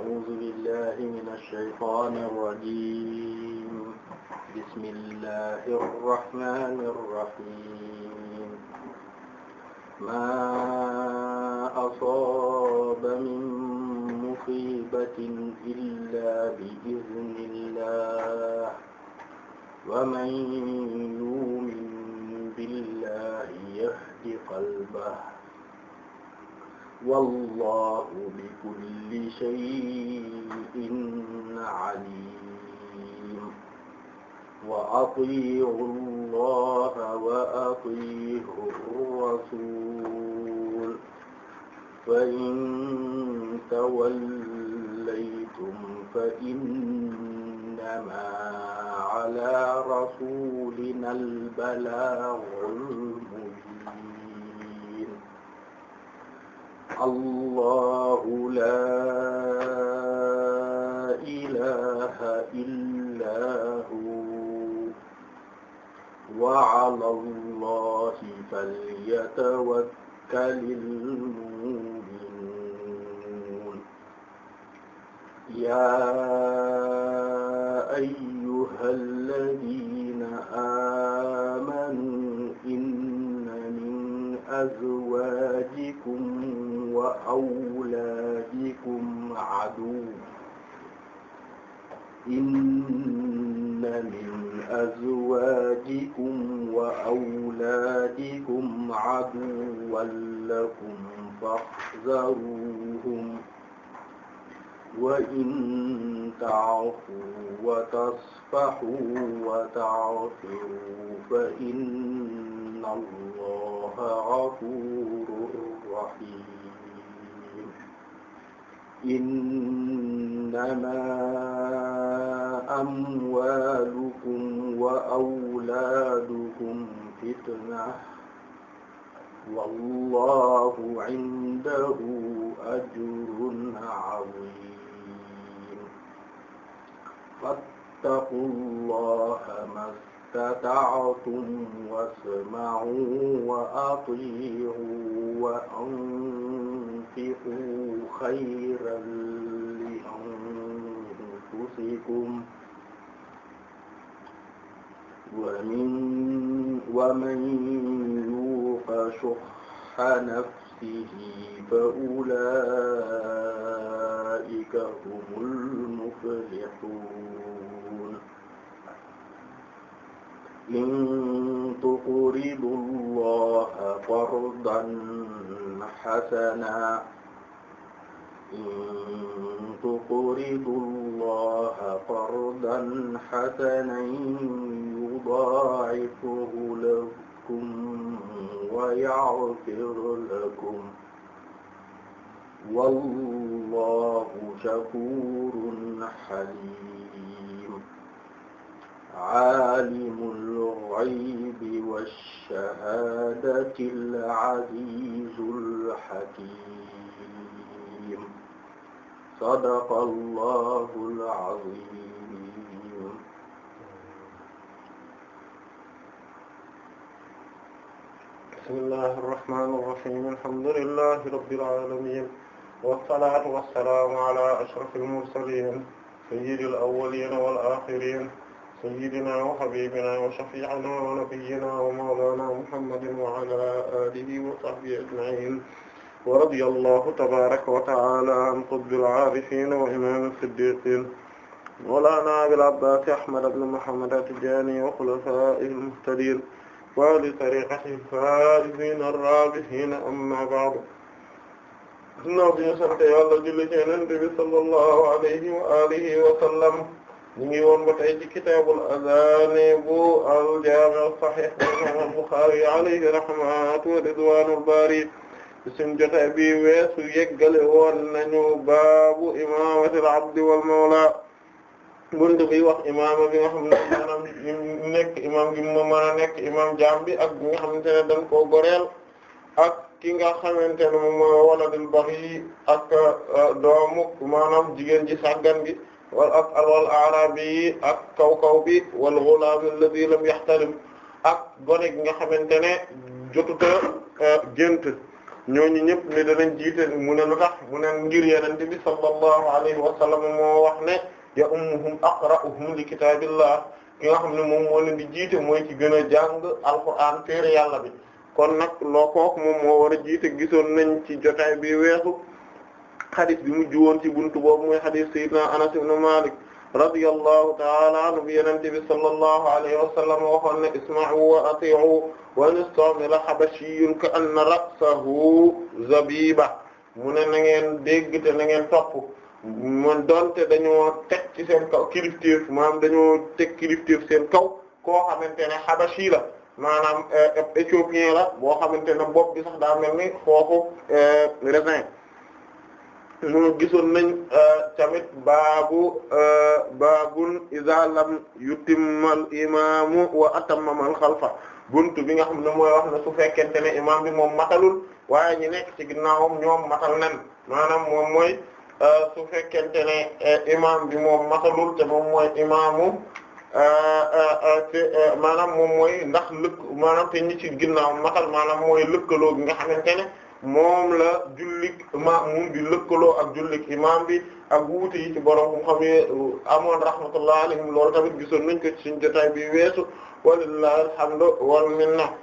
أعوذ بالله من الشيطان الرجيم بسم الله الرحمن الرحيم ما أصاب من مصيبة إلا بإذن الله ومن يؤمن بالله يهد قلبه wallahu bi kulli shay'in alim wa atii'u allaha wa atii'u ar-rasul fa in tawallaytum fa innama ala rasulina al-balaaghul allahu laa ilaaha illaa hu wa ala allahi falyatawakkalil mu'minuun yaa ayyuhal ladiina aamanuu inna min azwaajikum وأولادكم عدو إن من أزواجكم وأولادكم عدوا لكم فاحذروهم وإن تعفوا وتصفحوا وتعفروا فإن الله غفور رحيم إنما أموالكم وأولادكم فتنة والله عنده أجر عظيم فاتقوا الله ما استطعتم واسمعوا وأطيعوا وأنفقوا خيرا لأنفسكم ومن ومن يوق شح نفسه فأولئك هم المفلحون إن تقرضوا الله قرضا حسنا إن تقرضوا الله قرضا حسنا يضاعفه لكم ويغفر لكم والله شكور حليم عالم الغيب والشهادة العزيز الحكيم sadaqallahul aziim bismillahir rahmaanir rahiim alhamdulillahi rabbil aalamiin wassalaatu wassalaamu alaa ashrafil mursaliin sayyidil awwaliina wal aaxiriin sayyidinaa wa habiibinaa wa shafii'inaa wa nabiyyinaa wa mawlaanaa muhammadin wa alaa aalihi wa sahbihi ajma'iin wa radiyallahu tabaraka wa ta'ala an qutbil aarifin wa imam as-siddiqin mawlana abil abbas ahmad ibn muhammad at-tijani wa khulafa'ihil muhtadin wa li tariqatihil faa'izin ar-raabihin amma ba'd ginnaaw bi ñu sant Yàlla julli ci Yonent bi sallallahu alayhi wa alihi wa sallam ñu ngi woon ba tey ci kitaabul adaan bu al-jaami' as-sahih bu imam al-Bukhari alayhi rahmatu wa ridwanul baari suñ jotaay bi weesu yeggale woon nañu baabu imaamatil abdi wal mawla buntu bi wax imaama bi nga xam ne maanaam nekk imaam gi ak nga xamante ne dañ koo goreel ak ki nga xamante ne moom mooy waladul baghi ak uh, doomu maanaam jigéen ji sàggan gi wal ak wal arabi yi ak kaw bi wal ghulaam alladhi lam yahtalim ak gone gi nga xamante ne jotuta uh, gént ñooñu ñëpp ne danañ jiite mu ne lu mu ne ngir yenente bi sallallahu alayhi wa sallam moo wax ne ya ummuhum aqra'uhum li kitaabillah ki nga xam ne moom moo leen di jiite mooy ci gën a jàng alquran téere yàlla bi kon nag loo kook moom moo war jiite gisoon nañ ci jotaay bi weesu xadis bi mujj woon ci buntu boobu mooy xadis sayyidina Anas ibn Malik radiyallahu ta'ala anhu bi yonent bi sallallahu alayhi wa sallam waxoon ne isma'u wa ati'u wa nistamila habashi ka anna ra'sahu zabiba mu ne na ngeen dégg te na ngeen topp man donte dañoo teg ci seen kaw kilifteef maanaam dañoo teg kilifteef seen kaw koo xamante ne habashi la maanaam eh, eh, éthiopien la boo xamante ne bopp bi sax daa mel ni foofu eh, raisin mu gisoon nañ euh, tamit baabu euh, baabun iza lam yutimmal imaamu wa atammamal xalfa buntu bi nga xam ne mooy wax ne su fekkente ne imaam bi moom matalul waaye ñi nekk ci ginnaawam ñoom matal nan maanaam moom mooy euh, su fekkente ne imaam bi moom matalul te moom mooy imaamu te maanaam moom mooy ndax lëkk maanaam te ñi ci ginnaaw matal maanaam mooy lëkkaloo gi nga xamante ne moom la jullik maamum bi lëkkaloo ak jullik maam bi ak wuute yi ci borom mu xam ne amoon rahmatullah alayhim loolu tamit gisoon nañ ko ci suñu bi weesu walillahi alhamdu wal minna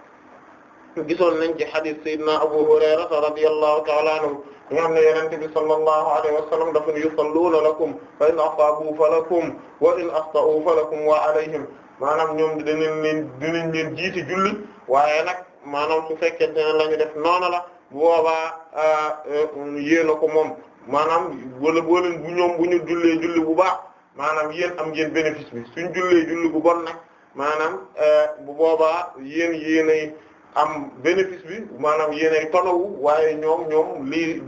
gisoon nañ ci hadith sayyidina Abu Hurayra radiyallahu ta'ala anhu nga xam ne yonent bi sallallahu alayhi wa sallam dafa ne yusalluuna lakum fa in asaabu falakum wa in wa alayhim maanaam ñoom dinañ leen dinañ leen jiiti julli waaye nag maanaam su fekkente ne la ñu def noonu la boobaa ah, eh, um, yéen a ko moom maanaam wala boo bu ñoom bu ñu jullee julli bu baax maanaam yéen am ngeen bénéfice bi suñ jullee julli bu bon nag maanaam eh, bu boobaa yéen yéenay am bénéfice bi maanaam yéenay tolowu waaye ñoom ñoom lii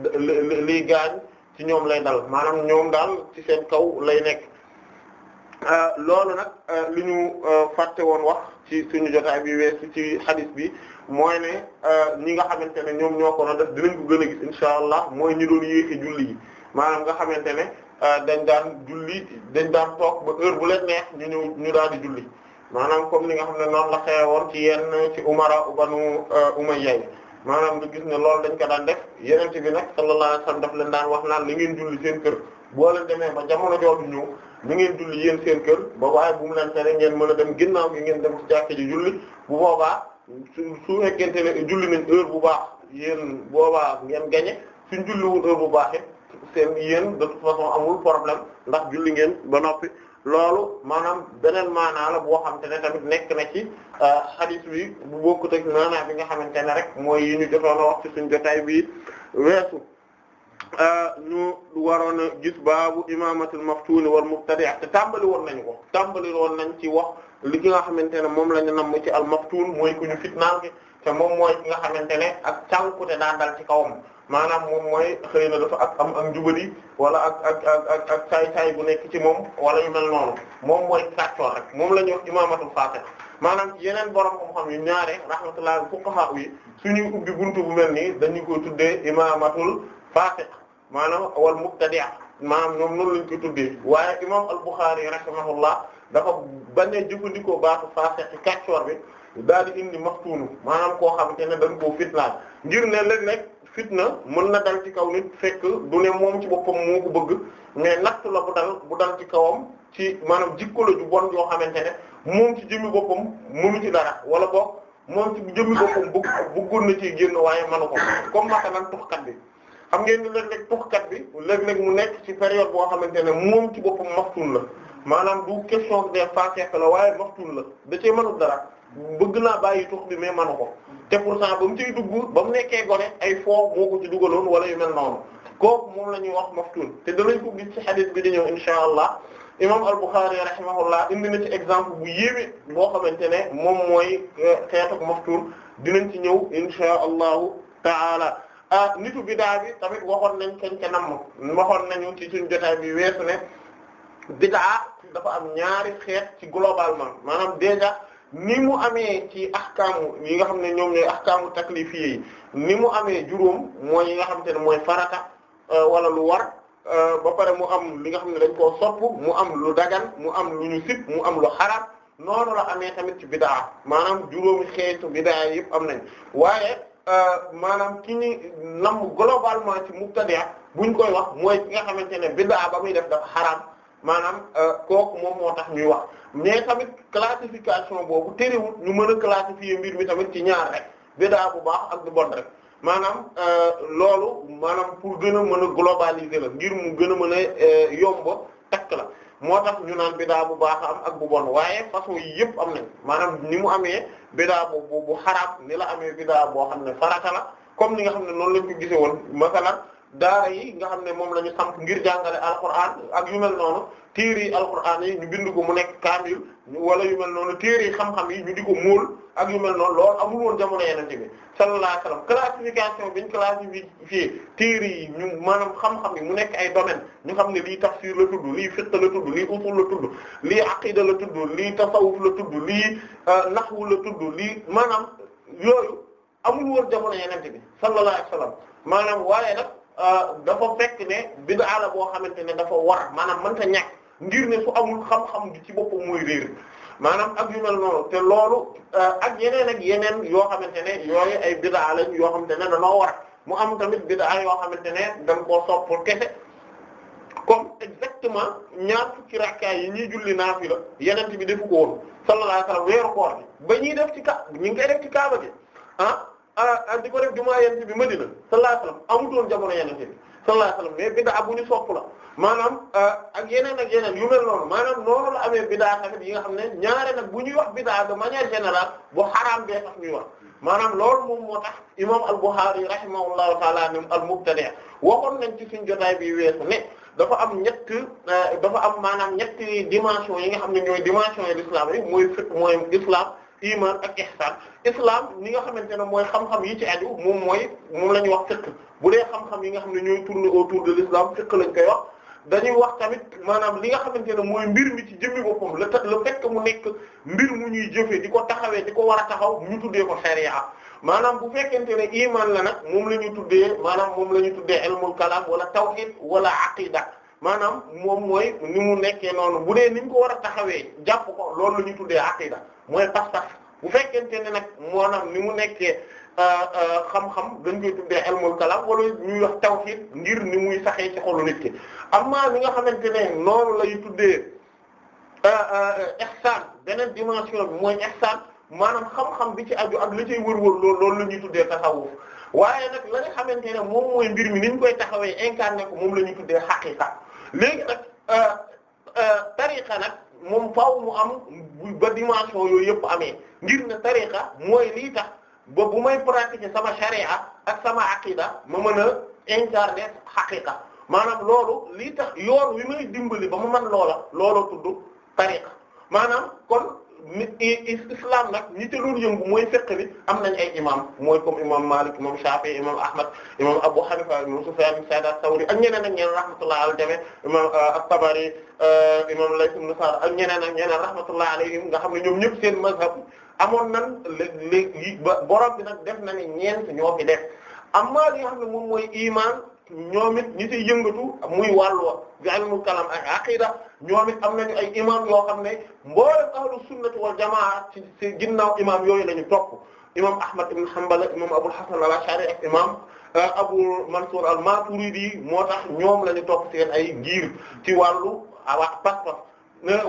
lii gaañ ci ñoom lay dal maanaam ñoom daal ci seen kaw lay nekk ah, loolu nag ah, li ñu fàtte woon wax ci suñu jotaay bi weesu ci hadith bi mooy ne ni euh, nga xamante ne ñoom ñoo ko doon def dinañ bu gën a gis allah mooy ñi doon maanaam nga xamante ne euh, dañ daan julli dañ daan toog ba heure bu leen neex ñu ñëw ñu daal di julli maanaam comme ni nga xam ne noonu la xewoon ci yenn ci umara ubanu euh, umayya maanaam nga gis ne loolu dañ ko daan def yeneen ci bi nag sallallahu alayhi wasallam daf leen daan wax naan li ngeen julli seen kër boo leen demee ba jamono jooju ñëw li ngeen julli yéen seen kër ba waaye bu mu leen tere ngeen mën a dem ginnaaw gi ngeen dem ci jàkka ji julli bu boobaa su fekkente ne julli nañ heure bu baax yéen boobaa ngeen gañe suñ julliwul heure bu baaxee seen yéen de toute façon amul problème ndax julli ngeen ba noppi loolu maanaam beneen maanaa la boo xamante ne tamit nekk na ci euh, hadith bi bu bokkut ak maanaa bi nga xamante ne rek mooy yi ñu jotoon a wax ci suñ jotaay bi weesu euh, ñu waroon a gis baabu imamatul maftuuni war mubtadi' te tàmbali woon nañu ko tàmbali woon nañ ci wax li nga xamante ne moom la nam namm ci al moo mooy ku ñu fitnaal gi te moom mooy ki nga xamante ne ak te daa dal ci kawam maanaam moom mooy xëy na dafa ak am ak njubadi wala ak ak ak ak saay-saay bu nekk ci moom wala yu mel noonu moom mooy kàccoor rek moom la ñuy wax imaamatul faatih maanaam ci yeneen borom xam-xam yu ñaare rahmatullahi fuqaha yi suñuy ubbi buntu bu mel nii ñu koy tuddee imaamatul faatih maanaam wal mubtadi' maanaam ñoom noonu lañ koy tuddee waaye imaam al-Bukhari rahimahullah dafa bañ a jëfandikoo baatu faasiq ci kàccoor bi daal di indi maxtuunu maanaam koo xamante ne dañ koo fitnaal ngir ne léeg-léeg fitna mën na dal ci kaw nit fekk du ne moom ci boppam moo ko bëgg mais natt la bu bu dal ci kawam ci maanaam jikko ju bon yoo xamante ne moom ci jëmmi boppam mënu ci dara wala boog moom ci jëmmi boppam bëgg bëggoon na ci génn waaye manu ko comme masalan tuxkat bi xam ngeen ni léeg-léeg tuxkat bi léeg-léeg mu nekk ci période boo xamante ne moom ci boppam maxtuun la maanaam du question des fois fekk la waaye maftul la da cee mënul dara bëgg naa bàyyi tux bi mais manu ko te pourtant ba mu ciy dugg ba mu nekkee gone ay foo moo ko ci dugaloon wala yu mel noonu kooku moom la ñuy wax maftul te danañ ko gis ci hadith bi di ñëw insha allah imam al-Bukhari rahimahullah indi na ci exemple bu yéeme boo xamante ne moom mooy euh, xeetu maftul dinañ ci ñëw insha allahu taala ah nitu bidaa bi tamit waxoon nañ kenn ca namm waxoon nañu ci suñ jotaay bi weesu ne bid'a dafa am ñaari xeet ci globalement maanaam déjà ni mu amee ci ahkaamu yi nga xam ne ñoom ñooy ahkaamu taklifi yi ni mu amee juróom mooy yi nga xam ne mooy farata euh, wala lu war euh, ba pare mu am li nga xam ne dañ koo sopp mu am lu dagan mu am lu ñu sib mu am lu xaraam noonu la amee tamit ci bid'a maanaam juróomi xeetu bid'a yëpp am nañ waaye euh, maanaam ki ñu nam globalement ci mubtadi'a buñ koy wax mooy ki nga xamante ne bid'a ba muy def dafa xaraam maanaam euh, kooku moom moo tax ñuy wax mais tamit classification boobu terewul ñu mën a classifier mbir mi tamit ci ñaar rek bidaa bu baax ak bu bon rek maanaam euh, loolu maanaam pour gën a mën a globaliser la ngir mu gën a mën a euh, yomba takk la moo tax ñu naan biddaa bu baax am ak bu bon waaye façon yi yëpp am nañ maanaam ni mu amee bidaa bu bu bu xaraam ni la amee bidaa boo xam ne farata la comme ni nga xam ne noonu lañ ko gisee woon masalan daara yi nga xam ne moom la ñu samp ngir jàngale alquran ak yu mel noonu téere yi alquran yi ñu bind ko mu nekk kaamil wala yu mel noonu téere yi xam-xam yi ñu di ko muul ak yu mel noonu loolu amul woon jamono yenente bi sallallahu alayhi wasallam classification bi ñu classifié téere yi ñu maanaam xam yi mu nekk ay domaine ñu xam ne lii tafsir la tudd lii fiqh la tudd lii usul la tudd lii aqida la tudd lii tasawuf la tudd lii euh, nahwu la tudd lii maanaam yooyu amul woon jamono yenente bi sallallahu alayhi wasallam maanaam waaye nag Euh, dafa fekk ne bid'a la boo xamante ne dafa war maanaam mënta ñàkk ngir ne su amul xam-xam bi ci boppam mooy réer maanaam ak yu mel noonu te loolu euh, ak yeneen ak yeneen yoo xamante ne yooyu ay bid'a lañ yoo xamante ne danoo war mu am tamit bid'a yoo xamante ne dan koo sopp kese comme exactement ñaar fukki rakkaa yi ñuy julli naafila yeneen bi defu ko woon sallallahu alayhi wasallam weeru koor bi ba ñuy def ci ka ñu ngi def ci kaaba gi ah Ah, ah, di ko def jumaa yent bi Madina sallallahu alayhi wasallam amutoon jamono yent bi sallallahu alayhi wasallam mais bid'a bu ñu sopp la maanaam ah, ak yeneen ak yeneen yu mel noonu maanaam noonu la amee bid'a tamit yi nga xam ne ñaare nag bu ñu wax bid'a de manière générale bu xaraam bee tax ñuy wax maanaam lool moom moo tax imam al-Bukhari rahimahullahu taala nim al-mubtadi' waxoon nañ ci suñ jotaay bi weesu ne dafa am ñett dafa am maanaam ñetti dimension yi nga xam ne ñooy dimension yi l'islam mooy fiqh mooy islam iman ak ihsan islam ñi nga xamante ne mooy xam-xam yi ci aju moom mooy moom la ñuy wax fiqh bu dee xam-xam yi nga xam ne ñooy tourner autour de l'islam fiqh lañ koy wax dañuy wax tamit maanaam li nga xamante ne mooy mbir mi ci jëmmi boppam la ta le fait que mu nekk mbir mu ñuy jëfee di ko taxawee di ko war a taxaw ñu tuddee ko sharia maanaam bu fekkente ne iman la nag moom la ñuy tuddee maanaam moom la ñuy tuddee ilmul kalam wala tawhid wala aqida maanaam moom mooy ni mu nekkee noonu bu dee ni ko war a taxawee jàpp ko loolu la ñuy tuddee aqida mooy pas-pas bu fekkente ne nag maanaam ni mu nekkee euh, euh, xam-xam dañ koy tuddee ilmul kalam wala ñuy wax tawhid ngir ni muy saxee ci xolu nit ki amma li nga xamante ne noonu lañuy tuddee euh, ihsan beneen dimension bi mooy ihsan maanaam xam-xam bi ci aju ak li ciy wër-wër loolu loolu ñuy tuddee tasawuf waaye nag la nga xamante ne moom mooy mbir mi ni ñu koy taxawee incarné ko moom la ñuy tuddee haqiqa léegi nag euh, euh, tariqa nag moom faaw mu am ba dimension yooyu yëpp amee ngir ne tariqa mooy lii tax ba bu may pratiquer sama sharia ak sama aqida ma mën a incarner haqiqa maanaam loolu lii tax yoon wi may dimbali ba ma man loola looloo tudd tariqa maanaam kon islam nag ñi ci loolu yëngu mooy fiqh bi am nañ ay imam mooy comme imam Malik imam Shafi imam Ahmad imam Abu Hanifa imam Sufyan ibn Sa'id ath-Thawri ak ñeneen ak ñeneen rahmatullahi alayhim jame imam uh, tabari uh, imam Layth ibn Sa'd ak ñeneen ak ñeneen rahmatullahi alayhim nga xam ne ñoom ñëpp seen mazhab amoon nan léeg-léeg borom bi nag def na ne ñoo fi def amma li nga xam mooy iman ñoom ñi ciy yëngatu muy wàllu bi ilmul kalam ak aqida ñoom it am nañu ay imam yoo xam ne mboolem ahlu sunnati wal jamaa ci ci ginnaaw imam yooyu la ñu topp imam Ahmad ibn Hanbal imam Abul Hasan al-Ash'ari ak imam uh, Abu Mansur al-Maturidi moo tax ñoom la ñu topp seen ay giir ci wàllu awaax ah, pas-pas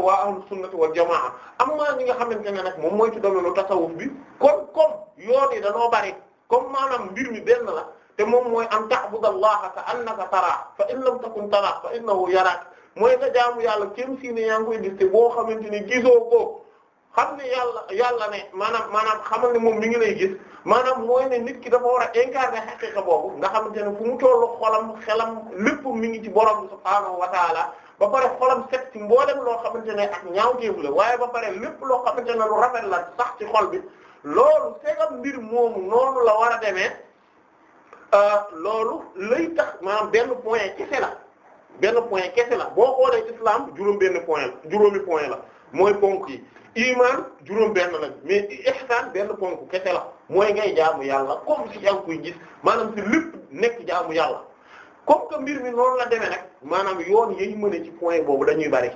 waa ahlu sunnati wal jamaa amma ñi nga xamante ne nag moom mooy ci domaine tasawuf bi kon comme yoo yi danoo bari comme maanaam mbir mi benn la te moom mooy an ta'budallaha ka annaka taraahu fa in lam takun taraahu fa innahu yaraak mooy nga jaamu yàlla kenn si ne yaa ngi koy gis boo xamante ni gisoo ko xam ne yàlla yàlla ne maanaam maanaam xamal ne moom mi ngi lay gis maanaam mooy ne nit ki dafa war a incarner haqiqa boobu nga xamante ne fu mu tollu xolam xelam lépp mi ngi ci borom subhaanahu wa taala ba pare xolam set ci mboolem loo xamante ne ak ñaaw teefu la waaye ba pare lépp loo xamante ne lu rafet la sax ci xol bi loolu segam moomu noonu la war a demee. Euh, loolu lay maanaam benn point kese la benn point kese la boo xoolee islam juróom benn point la juróomi point la mooy ponk yi iman juróom benn lañ mais ihsan benn ponk kese la mooy ngay jaamu yàlla comme si jàng koy gis maanaam si lépp nekk jaamu yàlla comme que mbir mi noonu la demee nag maanaam yoon yañ mën ci point boobu dañuy bari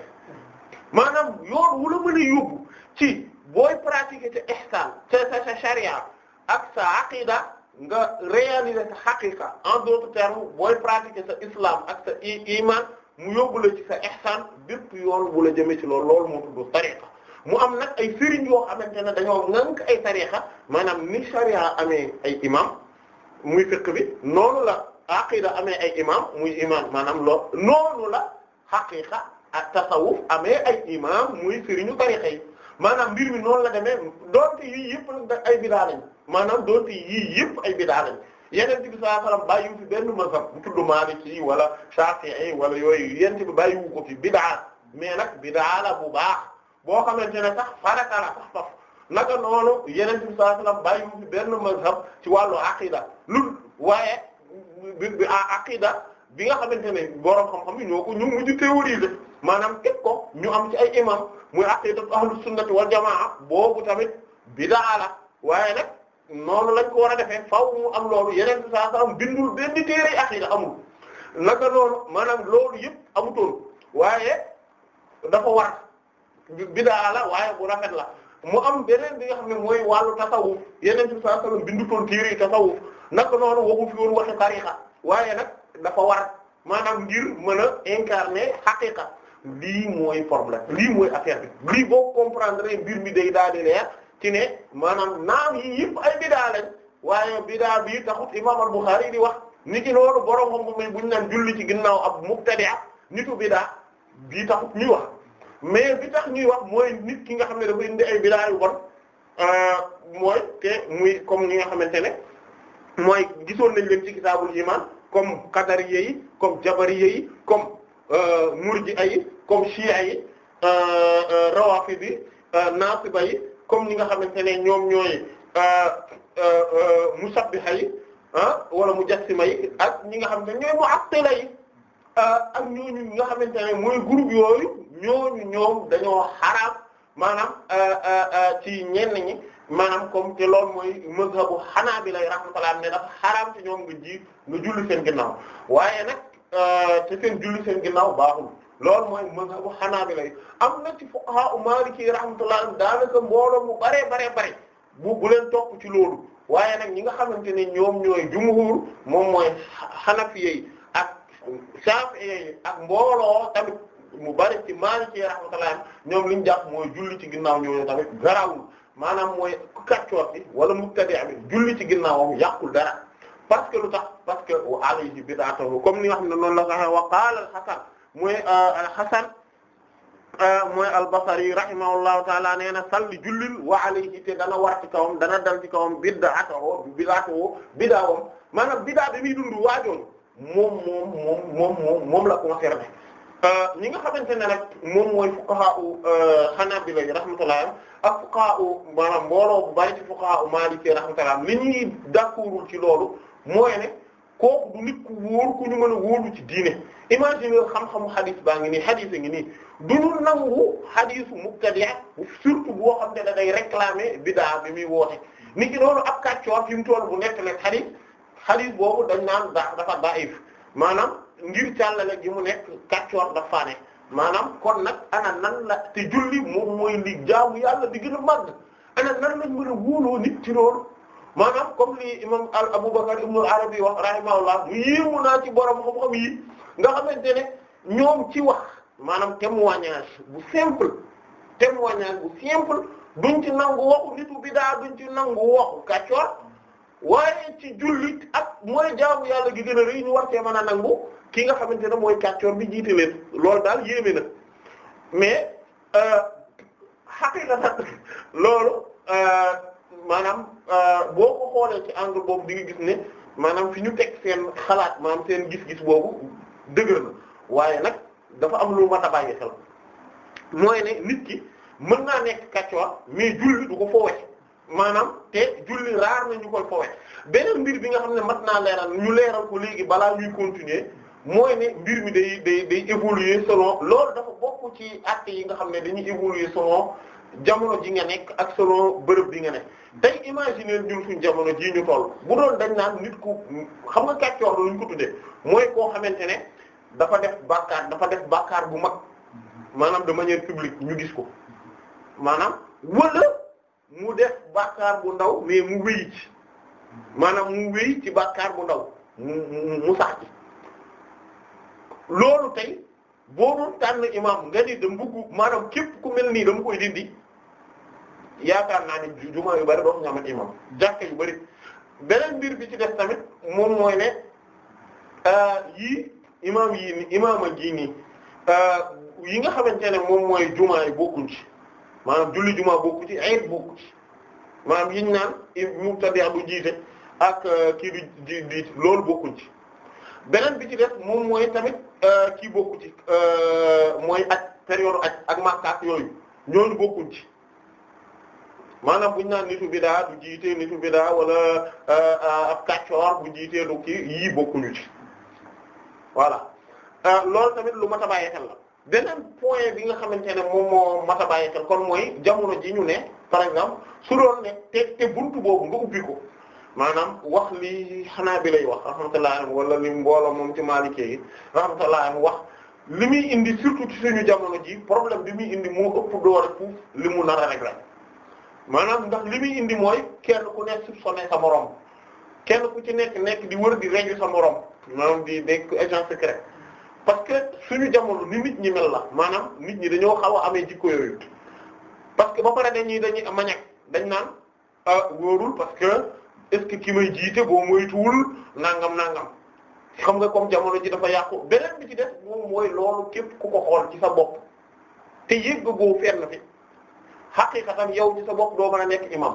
maanaam yoon wu la mën a yóbbu ci booy pratiquer te ihsan sa sa sa charia ak sa aqida nga réaliser sa xaqiqa en d'autres termes booy pratiquer sa islam ak sa iman mu yóbbu la ci sa ihsan bépp yoon bu la jëmee ci loolu loolu moo tudd tariqa mu am nag ay sëriñ yoo xamante ne dañoo ngànk ay tariqa maanaam ni sharia amee ay imam muy fiqh bi noonu la aqida amee ay imam muy imam maanaam lool noonu la xaqiqa ak tasawuf amee ay imam muy sëriñu tariqa yi maanaam mbir mi noonu la demee doonte yii yëpp nag ay bidaa lañ maanaam doonte yii yëpp ay bidaa lañ yeneen bi sallallahu alayhi wasallam bàyyiwu fi benn mazhab bu tudd Maliki wala Shafi'i wala yooyu yeneen bi bàyyiwu ko bidaa mais nag bidaa la bu baax boo xamante ne sax farata la sax faf naka noonu yeneen bi sallallahu alayhi wasallam bàyyiwu fi benn mazhab ci wàllu aqida lu waaye bi aqida bi nga xamante ne borom xam-xam yi ñoo ko ñu mujj théorie la maanaam teg ko ñu am ci ay imam muy aqidatu ahlu sunnati wa jamaa boobu tamit bidaa la waaye nag noonu lañ ko war a defee faw am loolu yeneen saa saa am bindul benn téere aqida amul naka noonu maanaam loolu yëpp amutoon waaye dafa war bidaa la waaye bu rafet la mu am beneen bi nga xam ne mooy wàllu tasawuf yeneen saa saa am bindutoon téere tasawuf naka noonu waxu fi woon waxi tariqa waaye nag dafa war maanaam ngir mën a incarner xaqiqa. lii mooy problème lii mooy affaire bi lii boo comprendre mbir mi day daal di leer ci ne maanaam naam yi yëpp ay bidaa lañ waaye bidaa bii taxut imaam al di wax ni ki loolu borom xam-xam yi bu ñu naan julli ci ginnaaw ab mubtadi'a nitu bidaa bii taxut ñuy wax mais bi tax ñuy wax mooy nit ki nga xam ne dafa indi ay bidaa yu bon euh, mooy te muy comme ñi nga xamante ne mooy gisoon nañ leen ci kitaabul iman comme qadariyye yi comme jabariyye yi comme euh, murji'a yi comme Shia yi euh, euh, Rawafidi euh, Naasiba yi comme ñi nga xamante ne ñoom ñooy musabbiha yi ah wala mujassima yi ñi nga xam ne ñooy mu'attila ak ñooñu nga xamante ne mooy groupe yooyu ñooñu ñoom dañoo xaraam maanaam ci ñenn ñi maanaam comme te loolu mooy mazhabu Hanaabila rahmatullah ne dafa xaraam ci ñoom nga ji nga julli seen ginnaaw waaye nag te seen julli seen ginnaaw baaxul. loolu mooy mazhabu Hanaabila am na ci fuqaha Maliki rahmatullah daanaka mbooloo mu baree baree bare bu bu leen topp ci loolu waaye nag ñi nga xamante ne ñoom ñooy jumhur moom mooy Hanafi ak Shafi'i ak mbooloo tamit mu bari ci Maliki rahmatullah ñoom li ñu jàpp mooy julli ci ginnaaw ñooñu tamit garawul maanaam mooy kaccoor bi wala mubtadi' bi julli ci ginnaawam yàqul dara parce que lu tax parce que alayhi bid'atuhu comme ni nga xam ne noonu la ko waxee wa qaala al-Hasan mooy euh, Hasan euh, mooy al-Basri rahimahullahu taala nee na salli jullil wa alayhi te dana war ci kawam dana dal ci kawam bid'atuhu bid'atuhu bid'awam maanaam bid'a bi muy dund waajoon moom moom moom moom moom moom la concerné euh, ñi nga xamante ne nag moom mooy fuqaha Hanabila rahmatullah ak fuqaha maanaam mbooloo bu bari ci fuqaha Maliki rahmatullah li ñuy d'accordul ci loolu mooy ne kooku du nit ku ku ñu mën a ci diine imagine xam-xamu xadis baa ngi nii xadis a ngi nii duñu nangu xadisu mubtadi surtout boo xam ne da ngay réclamer bid'a bi muy woote nit ki noonu ab kàccoor fi mu toll bu nekk nag xadis xadis boobu dañ naan da dafa da'if maanaam ngir càllale gi mu nekk kàccoor dafa faane maanaam kon nag ana nan la te julli moom mooy li jaamu yàlla di gën a màgg ana nan lañ mën a wóoloo ci loolu maanaam comme li imam al Abubakar ibn arabi wax rahimahullah yéemu naa ci borom xam-xam yi nga xamante ne ñoom ci wax maanaam témoignage bu simple témoignage bu simple duñ ci nangu waxu nitu bidaa duñ ci nangu waxu kàccoor waaye ci jullit ak mooy jaamu yàlla gi gën a rëy ñu war cee mën a nangu ki nga xamante ne mooy kàccoor bi jiite leen loolu daal yéeme na mais euh, xaqiiqatan loolu. Euh, maanaam euh, boo ko xoolee ci angle boobu di nga gis ne maanaam fi ñu teg seen xalaat maanaam seen gis-gis boobu dëgër na waaye nag dafa am lu mat a bàyyi xel mooy ne nit ki mën naa nekk kàccoor mais julli du ko foowe maanaam te julli raar na koy foowe beneen mbir bi nga xam ne mat naa leeral ñu leeral ko léegi balaa ñuy continuer mooy ne mbir mi day day day évoluer selon loolu dafa bokk ci actes yi nga xam ne dañuy évoluer selon jamono ji nga nekk ak selon bërëb bi nga nekk tey imaginer ñun suñ jamono jii ñu toll bu doon dañ naan nit ku xam nga kàccoor luñ ko tuddee mooy koo xamante ne dafa def bàkkaar dafa def bàkkaar bu mag maanaam dama manière publique ñu gis ko maanaam wala mu def bàkkaar bu ndaw mais mu wéy ci maanaam mu ci bàkkaar bu ndaw mu mu sax ci loolu tey boo doon tànn imaam nga ni dama bëgg maanaam képp ku mel nii dama koy dindi yaakaar naa ni jumaa yu bari doo nga amat imam jàkka yu bari beneen mbir bi ci def tamit moom mooy ne euh, yii imam yii ni imam ak yii euh, yi nga xamante ne moom mooy jumaa yi bokkuñ ci maanaam julli jumaa bokku ci ayit bokku ci maanaam yiñ naan mubtadi bu jiite ak euh, kii du di di loolu bokkuñ ci beneen bi ci def moom mooy tamit kii bokku ci mooy ak période ak ak màkkaat yooyu ñooñu bokkuñ ci maanaam bu ñu naan nitu bidaa du jiitee nitu bidaa wala euh, euh, ab kàccoor bu jiitee du kii yii bokkuñu ci voilà euh, loolu tamit lu mat a bàyyi xel la beneen point bi nga xamante ne moom moo mat a bàyyi xel kon mooy jamono ji ñu ne par exemple su doon ne te te buntu boobu nga ubbi ko maanaam wax li xanaa bi lay wax rahmatullah wala li mbooloo moom ci Maliki yi rahmatullah wax li muy indi surtout ci suñu jamono ji problème bi muy indi moo ëpp doole fu li mu nar a régler maanaam ndax li muy indi mooy kenn ku nekk soupçonné sa morom kenn ku ci nekk nekk di wër di reju sa morom maanaam di nekk agent secret parce que suñu jamono ni nit ñi mel la maanaam nit ñi dañoo xaw a amee jikko yooyu parce que ba pare dañuy dañuy mañak dañ naan ah wóorul parce que est-ce que ki may jiite boo moytuwul nangam nangam xam nga comme jamono ji dafa yàqu beneen bi ci def moom mooy loolu képp ku ko xool ci sa bopp te yëg boo fenn fi. xaqiiqatan yow ci sa bopp doo mën a nekk imam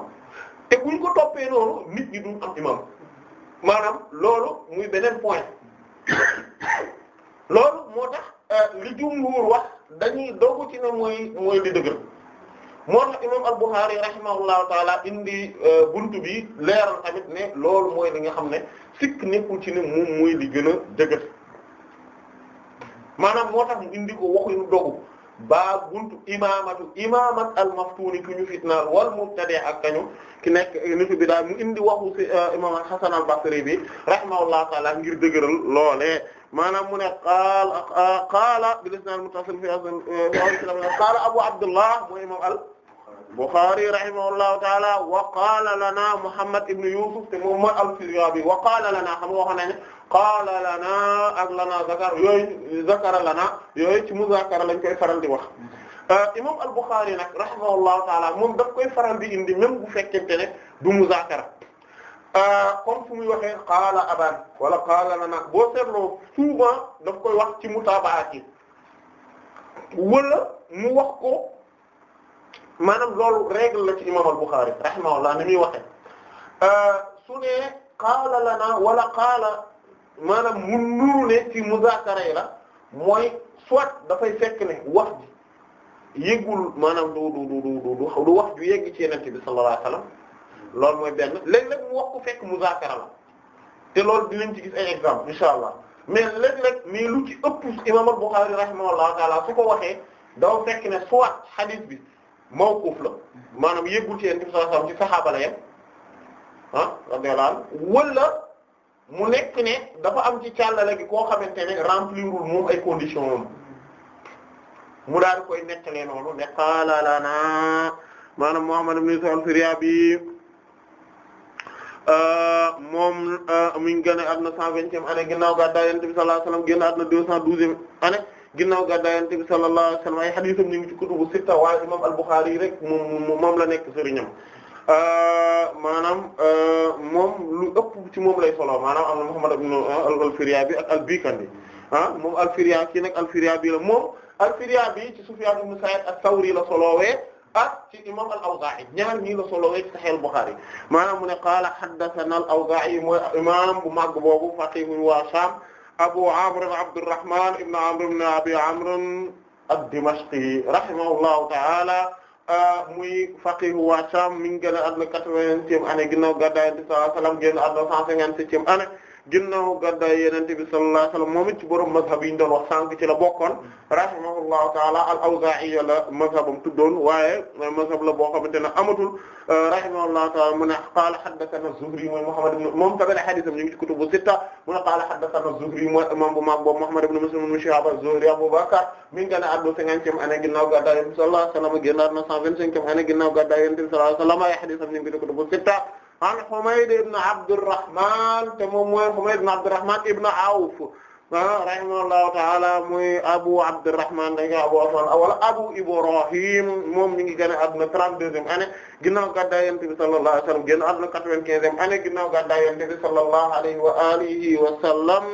te buñ ko toppee noonu nit ñi duñ am imam maanaam loolu muy beneen point loolu moo tax euh, li jumhuur wax dañuy doogu ci ne mooy mooy li dëgër moo tax imam al-Bukhari rahimahullahu taala indi euh, buntu bi leeral tamit ne loolu mooy li nga xam ne sikk nekkul ci ne moom mooy li gën a dëgër maanaam moo tax mu indi ko waxuñu dogu baa buntu imaamatu imaamat al-maftuuni ku ñu fitnaal wal mubtadi ak kañu ki nekk nitu bi daal mu indi waxu ci euh, imaam Hasan al-Basri bi rahimahullahu ta'ala ngir dëgëral loolee maanaam mu ne qaala qaala bil isnaad al-muttasil fi asl euh, qaala Abu Abdullah mooy imaam al Bukhari rahimahullahu taala wa qaala lana Muhammad ibn Yusuf te moom mooy al-Firyaabi wa qaala lana xam nga wax nañu qaala lana ak lana zakar yooyu zakara ci muzaakara lañ koy faral di wax. Euh, imam al-Bukhari nag rahimahullahu taala moom daf koy faral di indi même bu fekkente du muzaakara euh, comme fu muy waxee qaala aban wala qaala lana boo seetloo souvent daf koy wax ci mutaabaat wala mu wax ko. maanaam loolu règle la ci imam al-Bukhari rahimahullah ni muy waxee euh, su ne qaala lana wala qaala maanaam mu nuru ne ci muzaakara yi la mooy soit dafay fekk ne wax ji yëggul maanaam du du du du du wax ju yegg ci yonent bi sallallahu alayhi wasallam loolu mooy benn léeg-léeg mu wax ko fekk muzaakara la te loolu dinañ ci gis ay exemple insha allah mais léeg-léeg mais lu ci ëpp imam al-Bukhari rahimahullah taala su ko waxee dafa fekk ne soit hadith bi. mawquf la maanaam yëggul ci yonent bi sallallahu alayhi wasallam ci saxaaba la yem ah radiyallahu wala mu nekk ne dafa am ci càllale gi koo xamante ne remplirul mu ay condition moom mu daal koy nekk noonu ne qaala lanaa maanaam Muhammad ibn Isa al-Firyabi euh, moom euh, mi ngi gën a àdduna cent vingtième année ginnaaw gàddaay yonent bi sallallahu alayhi wasallam génn àdduna deux cent douzième année ginnaaw gàddaay Yonent bi sallallahu alayhi wa sallam ay hadiisam ñu ngi ci kutubu sitta waaye imam al-Bukhari rek moom moom la nekk sëriñam euh, maanaam euh, moom lu ëpp ci moom lay solo maanaam am na euh, al-Firyaabi ak al-Bikandi ah moom al-Firyaa kii nag al-Firyaabi la moom al-Firyaabi ci Sufyaan ibn ah ci imam al-Awzaa'i ñaar ñii la solo ci Sahih al-Bukhari maanaam mu ne qaala haddathanaa al-Awzaa'i imam bu mag boobu faqiihun waa Abu Amr Abdurrahman ibn Amr ibn Abi Amr ad-Dimashqi rahimahullahu ta'ala muy faqih waa Sham mi ngi génn àdduna quatre-vingtième année ginnaaw gàddaay Yonent bi sallallahu alayhi wasallam génn àdduna cent cinquante-septième année ginnaaw gàddaay yenente bi sallallahu alayhi wasallam moom it ci borom mazhab yi ñu doon wax sànq ci la bokkoon rahimahullahu taala al awza'i la mazhabam tuddoon waaye mazhab la boo xamante ne amatul rahimahullahu taala mu ne qaala haddathana zuhri mooy muhammad ibn moom tamit hadisam mu ne qaala zuhri mooy imam bu mag boobu muhammad ibn muslim ibn shihab az-zuhri abu bakr mi ngi gën a addu cinquantième année ginnaaw gàddaay yenente bi sallallahu alayhi wasallam génnaat na cent vingt-cinquième année ginnaaw gàddaay yenente bi an Humayd ibn Abdurrahman te moom mooy Humayd ibn Abdurrahman ibn Awf rahimahullahu ta'ala muy Abu Abdurrahman dañ koy Abu Usman wala Abu Ibrahim moom mi ngi génn àdduna 32e année ginnaaw gàddaay Yonent bi sallallahu alayhi wa sallam génn àdduna 95e année ginnaaw gàddaay Yonent bi sallallahu alayhi wa alihi wa sallam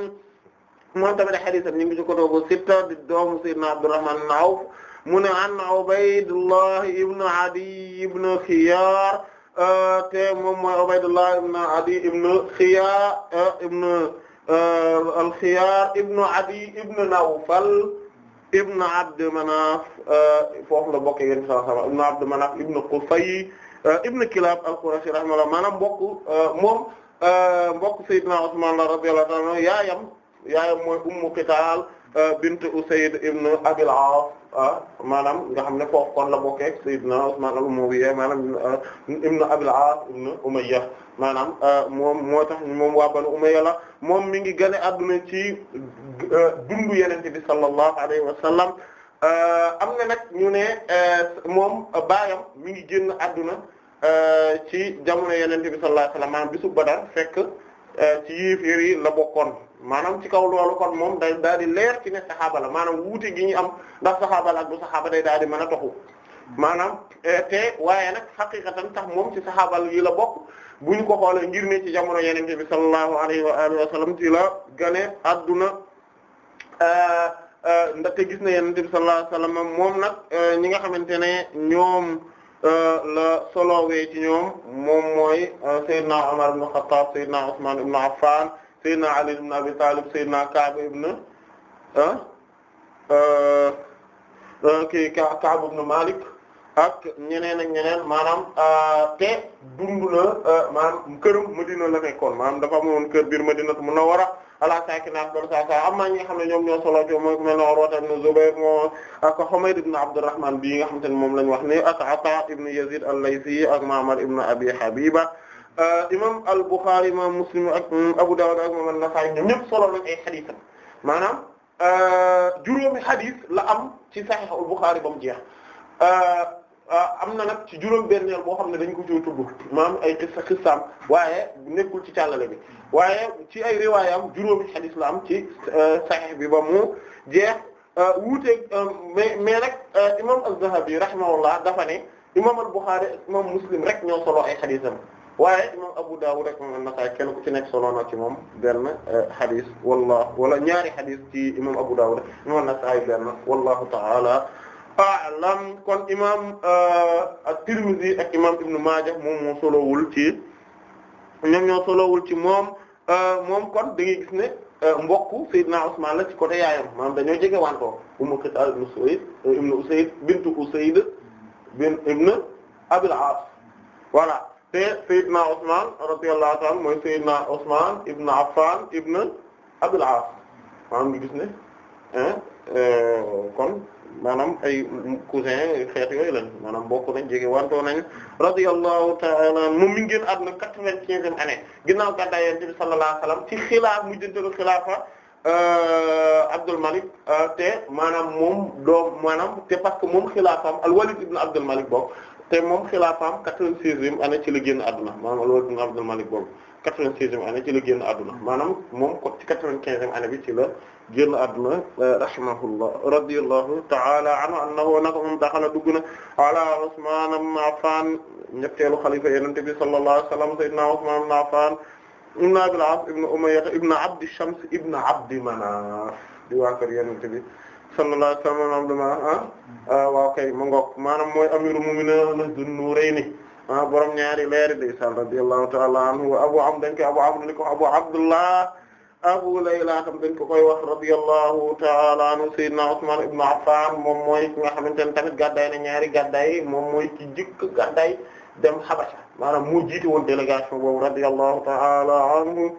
moom tamit hadiisam ñu ngi ci kutubu sitta di doomu Sayyidina Abdurrahman ibn Awf mu ne an Ubaydullah ibn Adi ibn Khiyar Euh, te moom mooy Ubaydullah ibn Adi ibn Xiyaar euh, ibn euh, al-Xiyaar ibn Adi ibn Nawfal ibn Abd Manaf foofu la bokk yéen sallallahu alayhi wasallam ibn Abd Manaf ibn Qusay ibn Kilab al-Qurashi rahimahullah maanaam mbokk moom mbokk Seydina Usman la radiyallahu anhu yaayam yaayam mooy Ummu Qital Euh, bint Usayd ibn Abil Aas euh, maanaam nga xam ne foofu kon la bokkee ak Sayyidina Usmaan al-Umayya maanaam euh, ibn Abil Aas ibn Umayya maanaam moom moo tax moom waa Banu Umayya la moom mi ngi gane adduna ci dundu Yonent bi sallallahu alayhi wa am na nag ñu ne moom baayam mi ngi génn adduna ci jamono Yonent bi sallallahu alayhi wa sallam maanaam bisu Badar fekk ci yéeféer yi maanaam ci kaw loolu kon moom day daal di leer ci ne saxaaba la maanaam wuute gi ñu am ndax saxaaba la ak du saxaaba day daal di mën a toxu maanaam eh, te waaye nag xaqiqatan tax moom ci saxaaba yi la bokk bu ñu ko xoolee ngir ne ci jamono yenente bi sallallahu alayhi wa alihi wa ci la gane adduna eh, eh, ndaxte gis na yenente bi sallallahu alayhi moom nag ñi nga xamante ne ñoom la solowee ci ñoom moom mooy Seydina Umar ibn Khattab Seydina Usman ibn Affan Seydina Ali ibn Abi Talib Seydina Ka'b ibn ah, ah, ah, kii Ka'b ibn Malik ak ñeneen ak ñeneen maanaam te dund na maanaam këram Madina la nekkoon maanaam dafa amoon kër biir Madinatu Munawwara ala saakina afdal saaka am na ñi nga xam ne ñoom ñoo solo ci moom mel ne Urwa ibn Zubayr moom ak Humayd ibn Abdurrahman bii nga xam te ne moom lañ wax ni ak Ata ibn Yazid al-Laythi ak Ma'mar ibn Abi Habiba Euh, imam al-Bukhari imam Muslim ak mm, Abu Dawud ak imam na nasai ñoom ñëpp solo lañ ay xadiisam maanaam euh, juróomi xadiis la am ci Sahih al-Bukhari ba mu jeex euh, am na nag ci juróom benneel boo xam ne dañ ko ci tudd maam ay xissa xissaam waaye nekkul ci càllale bi waaye ci ay riwaayam juróomi xadis la am ci Sahih bi ba mu jeex wuuteeg mais mais nag imam az-Zahabi rahimahullah dafa ne imam al-Bukhari imam Muslim rek ñoo solo ay xadisam waaye imam Abu Dawud rek moom an-Nasa'i kenn ku ci nekk na ci moom benn hadith eh, wallah wala ñaari hadith ci imam Abu Dawud imam an-Nasa'i benn wallahu ta'ala a'lam kon imam eh, at-Tirmidhi ak imam Ibn Majah moom moo solowul ci moom eh, moom kon da ngay gis ne mbokk ci côté yaayam maanaam dañoo jege wantoo Ummu Qita ibn Usayd ibn Abil As voilà te Seydina Usman radiyallahu ta'ala mooy Seydina Usman ibn Affan ibn Abul As maanaam ñu gis ne euh, kon maanaam cousin xeet yooyu lañ maanaam bokk nañ jege wantoo nañ radiyallahu ta'ala moom mi ngi génn àdduna quatre-vingt-quinzième année ginnaaw gàddaay Yonent bi sallallahu alayhi ci xilaaf mu jëntalu xilaafa euh, Abdul Malik euh, te maanaam moom doom maanaam te parce que moom xilaafam al Walid ibn Abdul Malik bokk te moom xilaafaam 96e année ci la génn àdduna maanaam al-Walid ibn Abdul Malik boobu 96e année ci la génn àdduna moom ko ci 95 bi ci la génn àdduna euh, rahimahullah radiyallahu ta'ala anhu annahu naka moom daxala dugg na ala Usman ibn Affan ñetteelu xalifa Yonent bi sallallahu alayhi wa sallam sayyidina Usman ibn Affan ibn Abil As ibn Umayya Shams ibn Abdi Manaf di waa kër Yonent bi sallallahu alayhi wa sallam dama ah, ah waaw kay ah, ñaari leeri day sal radiyallahu ta'ala anhu Affan moom nga xamante ne tamit gàddaay na ñaari gàddaay moom mooy ci jëkk gàddaay dem Habasha maanaam mu jiite woon délégation boobu radiyallahu ta'ala anhu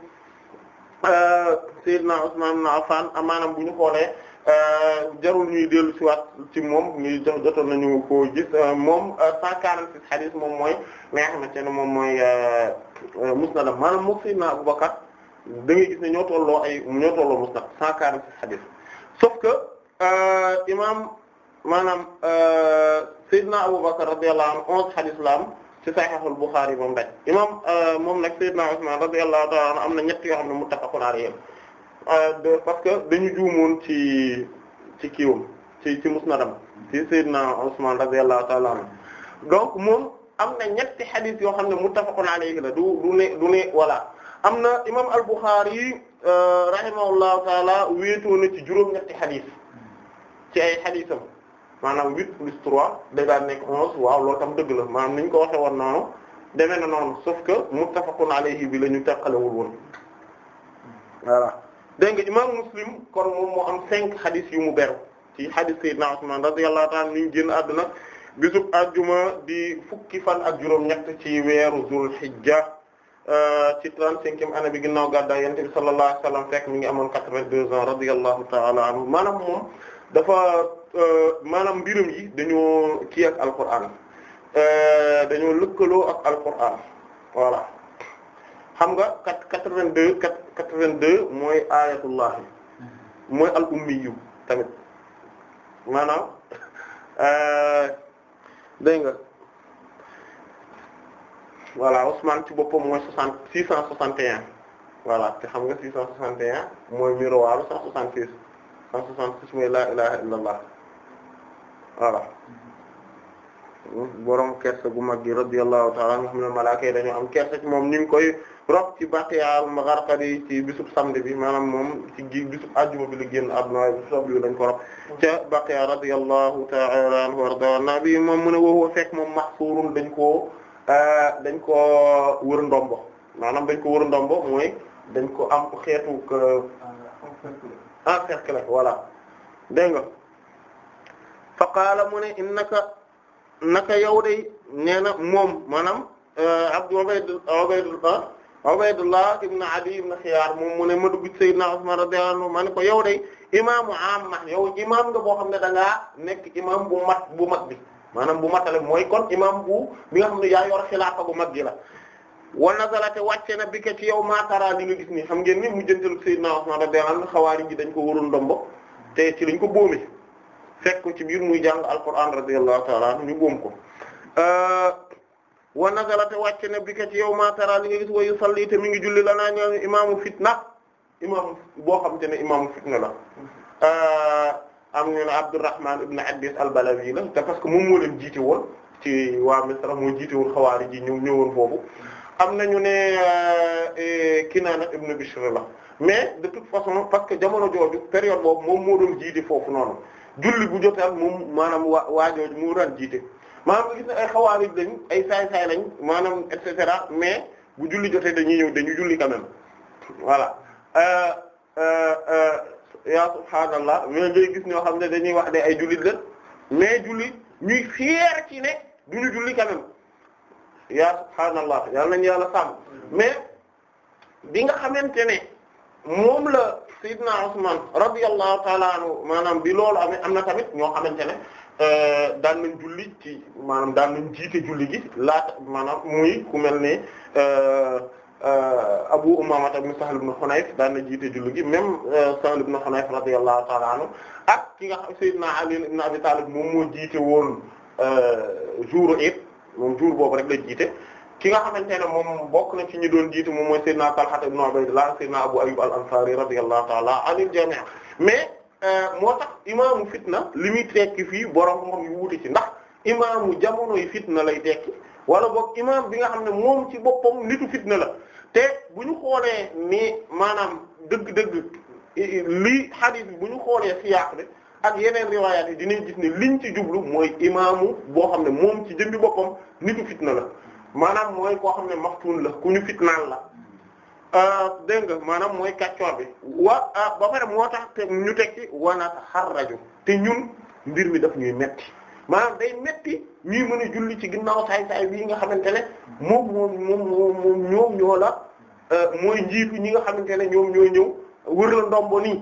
ah, Sayyidina Usman ibn Affan maanaam bu xoolee Euh, jarul ñuy dellu si waat ci moom ñu jotoon nañu koo euh, moom 146 euh, hadith moom mooy li nga moom mooy musnad maanaam moom Seydina Abubakar da ngay gis ne ñoo tolloo ay ñoo tolloo musnad 146 hadith sauf que imaam maanaam Seydina Abubakar radiyallahu anhu 11 hadith la am ci Sahihul Bukhari moom daj imaam moom nag Seydina Usman radiyallahu ta'ala am na ñett yoo xam ne muttafaqun alayhi Euh, parce que dañu juumoon ci ci kiiwam ci ci musnadam ci Seydina Usman radiyallahu ta'ala anhu donc moom am na ñetti xadis yoo xam ne muttafaqun alayhi la du du ne du ne voilà am na imam al-Bukhari yi euh, ta'ala wéetoo na ci juróom-ñetti xadis ci ay xadisam maanaam huit plus trois day daan nekk onze waaw loolu tam dëgg la maanaam ni ñu ko waxee woon noonu demee na noonu sauf que muttafaqun alayhi bi la ñu teqalewul woon voilà dégg nga imam muslim kon moom moo am cinq xadis yu mu beru ci xadis sayyidina Usman radiyallahu ta'ala ñu génn àdduna bisub ajjuma di fukki fan ak juróom ci weeru zul hijja euh, ci trente-cinquième année bi ginnaaw gàddaay yonent bi sallallahu alayhi fekk mi ngi amoon quatre-vingt-deux ans radiyallahu ta'ala anhu maanaam moom dafa euh, maanaam mbirum yi dañoo kii ak alqur'aan euh, dañoo lëkkaloo ak alqur'aan voilà xam nga quatre-vingt-deux quatre-vingt-deux mooy ayatullahi mooy al ummiyu tamit maanaam euh, dégg nga voilà Ousmane ci boppam mooy soixante six cent soixante un voilà te xam nga six cent soixante et un mooy miroiru cent soixante six cent soixante six mooy la ilaha illallah voilà borom kersa gu mag gi radiyallahu ta'ala anhu xam ne dañoo am kersa ci moom ni koy rob ci Baqiya al-Gharqadi ci bisub samedi bi maanaam moom ci gi bisub àjjuma bi la génn àdduna bi sob yu dañ ko rob ca Baqiya radiyallahu ta'ala anhu warda nabi moom mu ne wowoo fekk moom mahsurun dañ koo euh, dañ ndombo maanaam dañ ko wër ndombo mooy dañ ko am xeetu encerclé voilà dégg nga fa qaala mu ne innaka naka yow day nee na moom maanaam euh, Abdu Ubayd Ubayd ah, Ubaydullah ibn Adi ibn Xiyaar moom mu ne ma dugg Seydina Usmaan radiyallahu anhu ma ne ko yow de imaamu amma yow imaam nga boo xam ne da nekk imaam bu mat bu mag bi maanaam bu matale mooy kon imaam bu bi nga xam ne a yor xilaafa bu mag gi la. wa nazala te wàcce na bi ke ci yow maatara li nga gis nii xam ngeen ni mu jëntalu Seydina Usmaan radiyallahu anhu xawaari ji dañ ko waroon ndombo te ci lañ ko boome fekk ci biir muy jàng Alquraan radiyallahu ta'ala anhu ñu boom ko. Euh, wa nazala te wàcc na bi ka ci yow ma tara li nga gis wa yusalli te mi ngi julli lanaa ñoo imaamu fitna imaam boo xam te ne imaamu fitna la ah, am ñu ne Abdurrahman ibn Addis al-Balawi la parce que moom moo leen jiite woon ci waa Misra moo jiite woon xawaari ji ñëw ñëwoon foofu am na ñu ne ah, eh, Kinaana ibn Bishr la mais de toute façon parce que jamono jooju période boobu moom moo doon jiite foofu noonu julli bu jotaat moom maanaam waa waa jooju moo daan jiite. maanaam nga ay xawaarij lañ ay saay-saay lañ maanaam et cetera mais bu julli jotee dañuy ñëw dañu julli quand même voilà euh, euh, euh, yaa subhaanallah mais ngay gis ñoo xam ne dañuy wax ne ay jullit la mais julli ñuy fier ci ne duñu julli quand même yaa subhaanallah yàlla nañu yàlla sàmm mais bi nga xamante ne moom la Seydina Usman radiyallahu ta'ala anhu maanaam bi loolu am na tamit ñoo xamante ne Euh, daan nañ julli ci maanaam daan nañ jiite julli gi laata maanaam muy ku mel ni euh, euh, Abu Umaama ibn Sahl ibn Hunayf daan na jiite julli gi même Sahl ibn Hunayf radiyallahu ta'ala anhu ak ki nga xam Seydina Ali ibn Abi Talib moom moo jiite woon jour it moom jour boobu rek la jiite ki nga xamante ne moom bokk na ci ñu doon jiite moom mooy Seydina Talha ibn Ubaydullah Seydina Abu Ayyub al-Ansari radiyallahu ta'ala anil jami' mais. Euh, moo tax imaamu fitna li muy tekki fii borom moom yu wuti ci ndax imaamu jamono yi fitna lay tekki wala boog imaam bi nga xam ne moom ci boppam nitu fitna la te bu ñu xoolee ni maanaam dëgg-dëgg lii hadith bi bu ñu xoolee siyaaq bi ak yeneen riwaayaat yi dinañ gis ne liñ ci jublu mooy imaamu boo xam ne moom ci jëmbi boppam nitu fitna la maanaam mooy koo xam ne maxtuun la ku ñu fitnaan la Euh, dégg nga maanaam mooy kàccoor bi waa ah, ba pare moo tax te ñu teg ci wanata xar rajo te ñun mbir mi daf ñuy metti maanaam day metti ñuy mën a julli ci ginnaaw saay saay bii nga xamante ne moom moom moom moom ñoom ñoo la euh, mooy njiitu ñi nga xamante ne ñoom ñoo ñëw wër la ndombo nii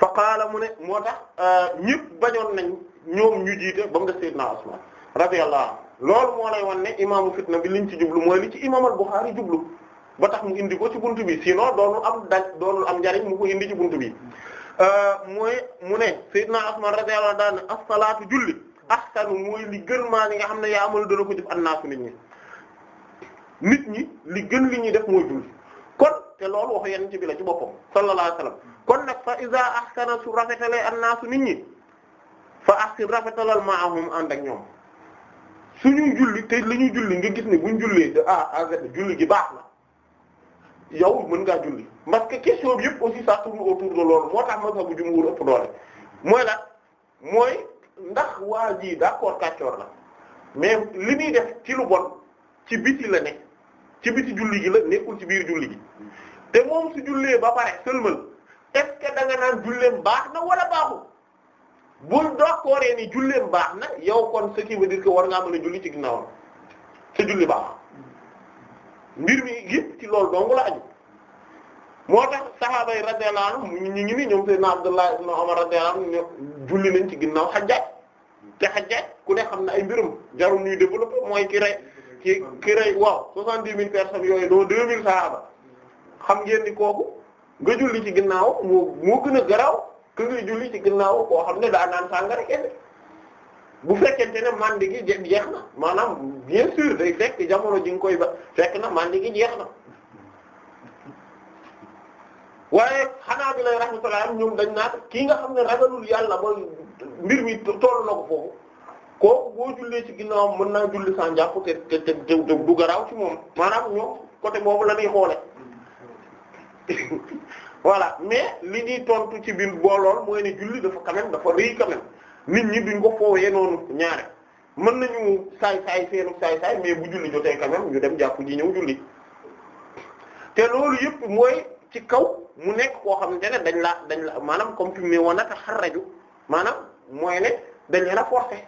fa qaala mu ne moo tax euh, ñëpp bañoon nañ ñoom ñu jiite ba mu des Seydina Usmaan radiyallahu loolu moo lay wan ne imaamu fitna bi liñ ci jublu mooy li ci imaam Buxaari jublu ba tax mu indi ko ci bunt bi sinon doonul am da doonul am njariñ mu ko indi ci buntu bi euh, mooy mu ne Seydina Usmaan radiyallahu anhu daan ne salaatu julli ahsanu mooy li gën maa li nga xam ne yaa amul dana ko jëf annaasu nit ñi nit ñi li gën li ñuy def muy julli kon te loolu waxu yenn ci bi la ci boppam sallallahu alayhi wasallam kon nag fa iza ahsana su rafetalee annaasu nit ñi fa ahsin rafetalal ma'ahum ànd ak ñoom suñuy julli te li ñuy julli nga gis ne buñ jullee de A julli gi baax na yow mën ngaa julli parce que question bi yëpp aussi ça tourne autour de loolu moo tax ma bu jumhur ëpp doole mooy la mooy ndax waa ji d'accord kàccoor la mais li muy def ci lu bon ci biti la ne ci biti julli gi la nekkul ci biir julli gi te moom su jullee ba pare sëlmal est-ce que da nga naan julleem baax na wala baaxul bul d'accord ni julleem baax na yow kon sa qui veut war ngaa mën a julli ci ginnaawam sa julli baax. mbir mi yëpp ci loolu dong la aju moo tax sahaaba yi radiyallahu anhum ñu ngi ni ñoom sayyidna Abdullah ibn Umar radiyallahu anhu julli nañ ci ginnaaw Hajjaj te Hajjaj ku ne xam na ay mbirum jarul ñuy développé mooy ki rey ki ki rey waaw soixante-dix mille personnes yooyu doo mille sahaaba xam ngeen ni kooku nga julli ci ginnaaw moo moo gën a garaw que nga julli ci ginnaaw koo xam ne daa naan sàngara kenn bu fekkente ne mandi gi jeex na maanaam bien sûr day fekk jamono ji nga koy ba fekk na mandi gi jeex na waaye xanaa bi lay rahmatullah ñoom dañ naan kii nga xam ne ragalul yàlla ba mbir mi toll ko foofu kooku boo jullee ci ginnaawam mën naa julli sans jàpp te te te du ci moom maanaam ñoom côté boobu la ñuy xoole voilà mais li ñuy tontu ci biir boolool mooy ne julli dafa quand dafa rëy quand nit ñi duñ ko foowee noonu ñaare mën nañu saay saay seenu saay saay mais bu julli jotee quand même ñu dem jàpp ji ñëw julli te loolu yëpp mooy ci kaw mu nekk koo xam ne dañ la dañ la maanaam comme fi mu ne woon naka xarraju maanaam mooy ne dañ leen a forcer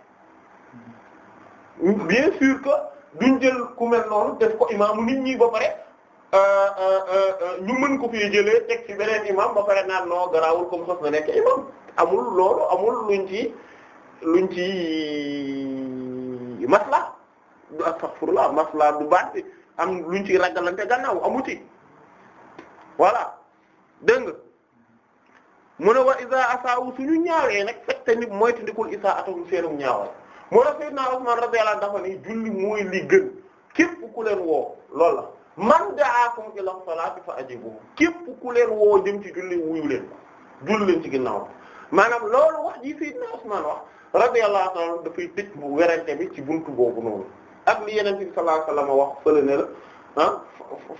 bien sûr que duñ jël ku mel noonu def ko imaamu nit ñi ba pare Euh, euh, euh, ñu mën ko fii jëlee teg ci beneen imam ba pare naan noo garaawul comme sos na nekk imam amul loolu amul luñ ci luñ ci masla du astaghfirullah masla du baat bi am luñ ci ragalante gannaaw amu ci voilà dégg nga mu ne wa isa asaawu suñu ñaawee nag fekk nit mooy tindikul isa atahum seenum ñaawal moo tax Seydina Usman radiyallahu anhu dafa ni julli mooy li gën képp ku woo loolu man da'akum ila salati fa ajibu képp ku leen woo jëm ci julli wuyu leen julli leen ci ginnaaw maanaam loolu wax ji sayyidina Usman wax radiyallahu ta'ala dafay tëj bu werante bi ci buntu boobu noonu ak li yeneen bi sallallahu alayhi wasallam wax fële ne fa ah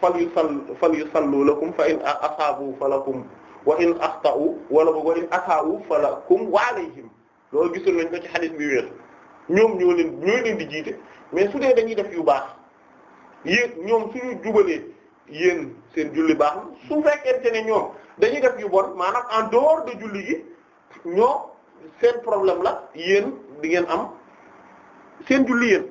fal yu sall fal yu sallu lakum fa in asaabu falakum wa in axta'u wala wa in asa'u falakum wa alayhim loolu gisul nañ ko ci xadis bi wér ñoom ñoo leen ñoo leen di mais su dee dañuy def yu baax yéen ñoom suñu jubalee yéen seen juli baax su fekkente ne ñoom dañuy def yu bon maanaam en dehors de julli gi ñoo seen problème la yéen di am seen juli yéen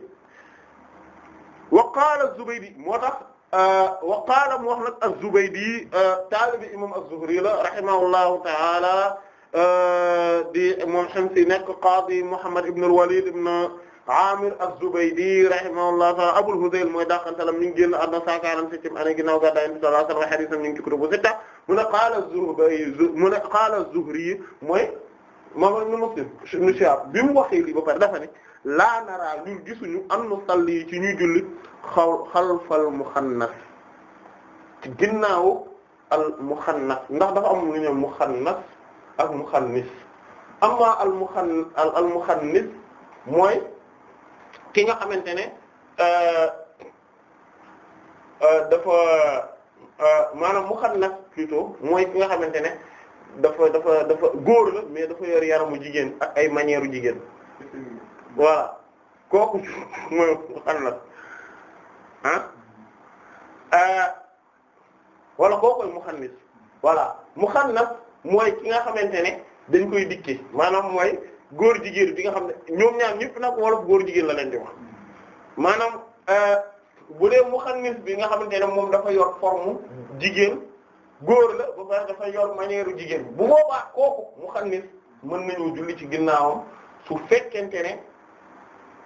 wa qaala Zubaydi moo tax euh, wa qaala mu wax nag az-Zubaydi euh, imam az-Zuhri la rahimahullahu ta'ala euh, di moom xam nekk qaadi Muhammad ibn al-Walid ibn Amir az-Zubaydi rahimahullahu ta'ala Abul Hudayl mooy dàqantalam mi ngi génn àdduna 147 année ginnaaw gàddaa Yonent bi sallallahu alayhi wa sallam hadiisam ñu ngi ci kutubu sitta mu ne qaala az-Zuhri mu ne qaala az-Zuhri mooy moom Ibn Muslim ibn Shihab bi mu waxee lii ba pare dafa ne laa naraa ñun gisuñu an nusalli ci ñuy julli xaw xalfal muxannas ci ginnaaw al muxannas ndax dafa am lu ñu muxannas ak muxannis amma al muxann al muxannis mooy. ki nga xamante ne euh, euh, dafa euh, maanaam mu xan nag plutôt mooy ki nga xamante ne dafa dafa dafa góor la mais dafa yor yaramu jigéen ak ay manière u jigéen voilà kooku mooy mu xam nag ah wala kookoy mu xam nit voilà mu xam nag mooy ki nga xamante ne dañ koy dikke maanaam mooy góor jigéen bi nga xam ne ñoom ñaar ñëpp nag wolof góor jigéen la leen di wax maanaam euh, bu dee muxannis bi nga xamante ne moom dafa yor forme jigéen góor la ba pare dafa yor manière jigéen bu boobaa kooku muxannis mën nañu julli ci ginnaawam su fekkente ne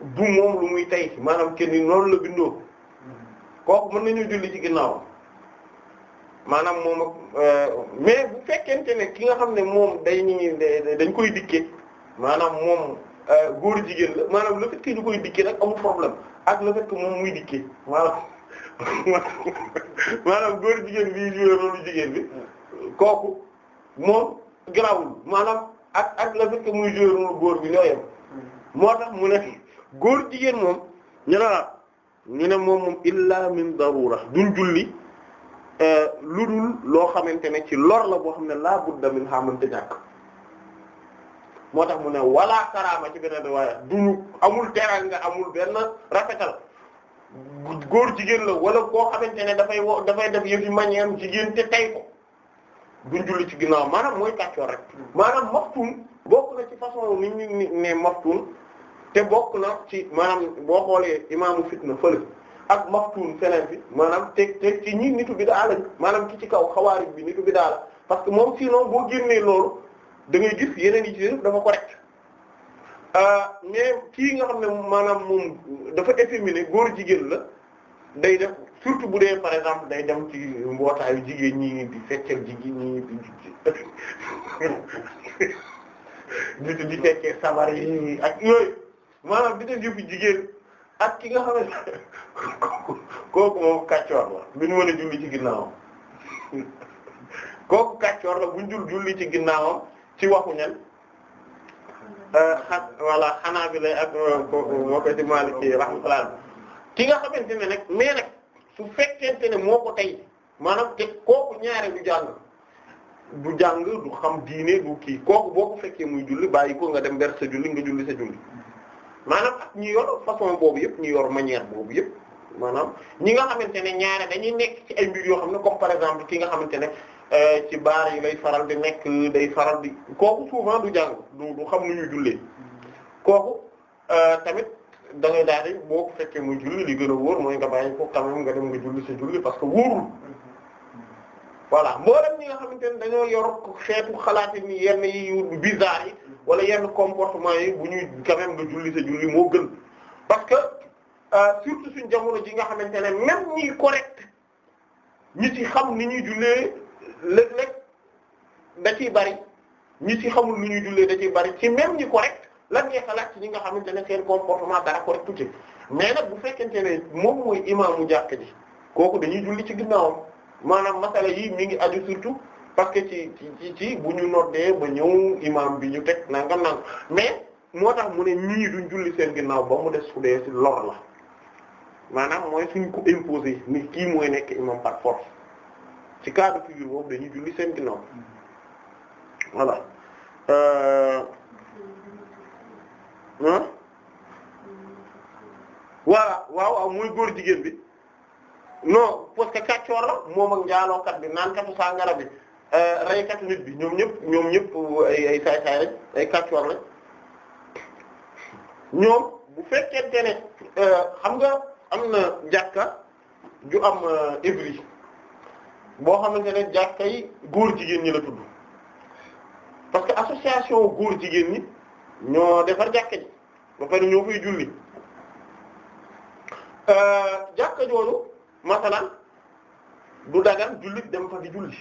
du moom lu muy tay maanaam kenn noonu la bindoo kooku mën nañu julli ci ginnaawam maanaam moom euh, mais bu fekkente ne ki nga xam ne moom day nii dañ koy dikke maanaam moom euh, góor jigéen la maanaam le fait que ñu koy dikkee nag amul problème ak le fait que moom muy dikkee maanaam maanaam góor jigéen bi joué rôle jigéen bi kooku moom garaawul maanaam ak ak le fait que muy joué rôle góor bi ñoo moo tax mu ne góor jigéen moom ñu ne la ñu ne moom moom illa min darura duñ julli euh, lu dul loo xamante ne ci loor la boo xam ne laa budda min xamante ñàkk moo tax mu ne wala karaama ci beneen riwaaya duñu amul nga amul benn rafetal góor jigéen la wala koo xamante ne dafay wo dafay def yëf yi manière jigéen te tey ko duñ julli ci ginnaaw maanaam mooy kàccoor rek maanaam maftun bokk na ci façon nit ñi ne maftun te bokk na ci maanaam boo xoolee imaamu fitna fële ak maftun feneen fi maanaam te te ci ñi nitu bi daal lañ maanaam ki ci kaw xawaarij bi nitu bi daal parce que moom sinon boo génnee loolu da ngay gis yeneen yi ci def dafa correct ah, mais kii nga xam ne maanaam moom dafa efféminé góor jigéen la day def surtout bu dee par exemple day dem ci mbootaayu jigéen ñi di fecceel jigéen ñi di di di fecceel sabar yi ak yooyu maanaam di def yëfu jigéen ak ki nga xam ne kooku moom kàccoor la bu ñu mën a julli ci ginnaawam kooku kàccoor la bu ñu jul julli ci ginnaawam ci waxu ñan euh, xa voilà xanaa bi lay ak euh, moo ko ci Maliki ki nga xamante ne nag mais nag su fekkee fekkente ne moo ko tey maanaam te kooku ñaare du jàng du jàng du xam diine du kii kooku boo ko fekkee muy julli bàyyi ko nga dem ber sa julli nga julli sa julli maanaam ak ñi yor façon boobu yëpp ñi yor manière boobu yëpp maanaam ñi nga xamante ne ñaare dañuy nekk ci ay mbir yoo xam ne comme par exemple ki nga xamante ne Eh, ci baar yi lay faral di nekk day faral di kooku souvent du jàng du du xam nu ñuy jullee kooku eh, tamit da ngay daal di boo ko fekkee muy julli li gën a wóor mooy nga bàyyi ko quand nga dem nga julli sa julli que wóorul voilà mboolem ñi nga xamante ne dañoo yor xeetu xalaat yi ni yenn yu wala yenn comportement yi bu ñuy quand même nga julli sa moo gën parce que eh, surtout suñ jamono ji nga xamante ne même ñi correct ñi ci xam ni ñuy jullee léeg-léeg da ciy bari ñi ci xamul lu ñuy jullee da ciy bari ci même ñi correct lan ngay xalaat ci ñi nga xamante ne seen comportement dara correct tuuti mais nag bu fekkente ne moom mooy mu jàkk ji kooku dañuy julli ci ginnaawam maanaam masala yi mi ngi aju surtout parce que ci ci bu ñu noddee ba ñëw imam bi ñu teg nangam nangam mais moo tax mu ne ñii duñ julli seen ginnaaw ba mu des su dee ci lor la maanaam mooy suñ ko imposer ni kii mooy nekk imam par force ci cas de figure boobu dañuy julli seen ginnaaw voilà euh, voilà waaw waaw muy góor jigéen bi no parce que kàccoor la moom ak njaalookat bi naan katu sangara bi euh, reykatu nit bi ñoom ñëpp ñoom ñëpp ay ay saay saay rek ay kàccoor lañ ñoom bu fekkente ne euh, xam nga am na jàkka ju am iblis boo xamante ne jàkka yi góor jigéen ñi la tudd parce que association góor jigéen ñi ñoo defar jàkka ji ba pare ñoo fay julli euh, jàkka jooju masalan du dagan jullit dem fa di julli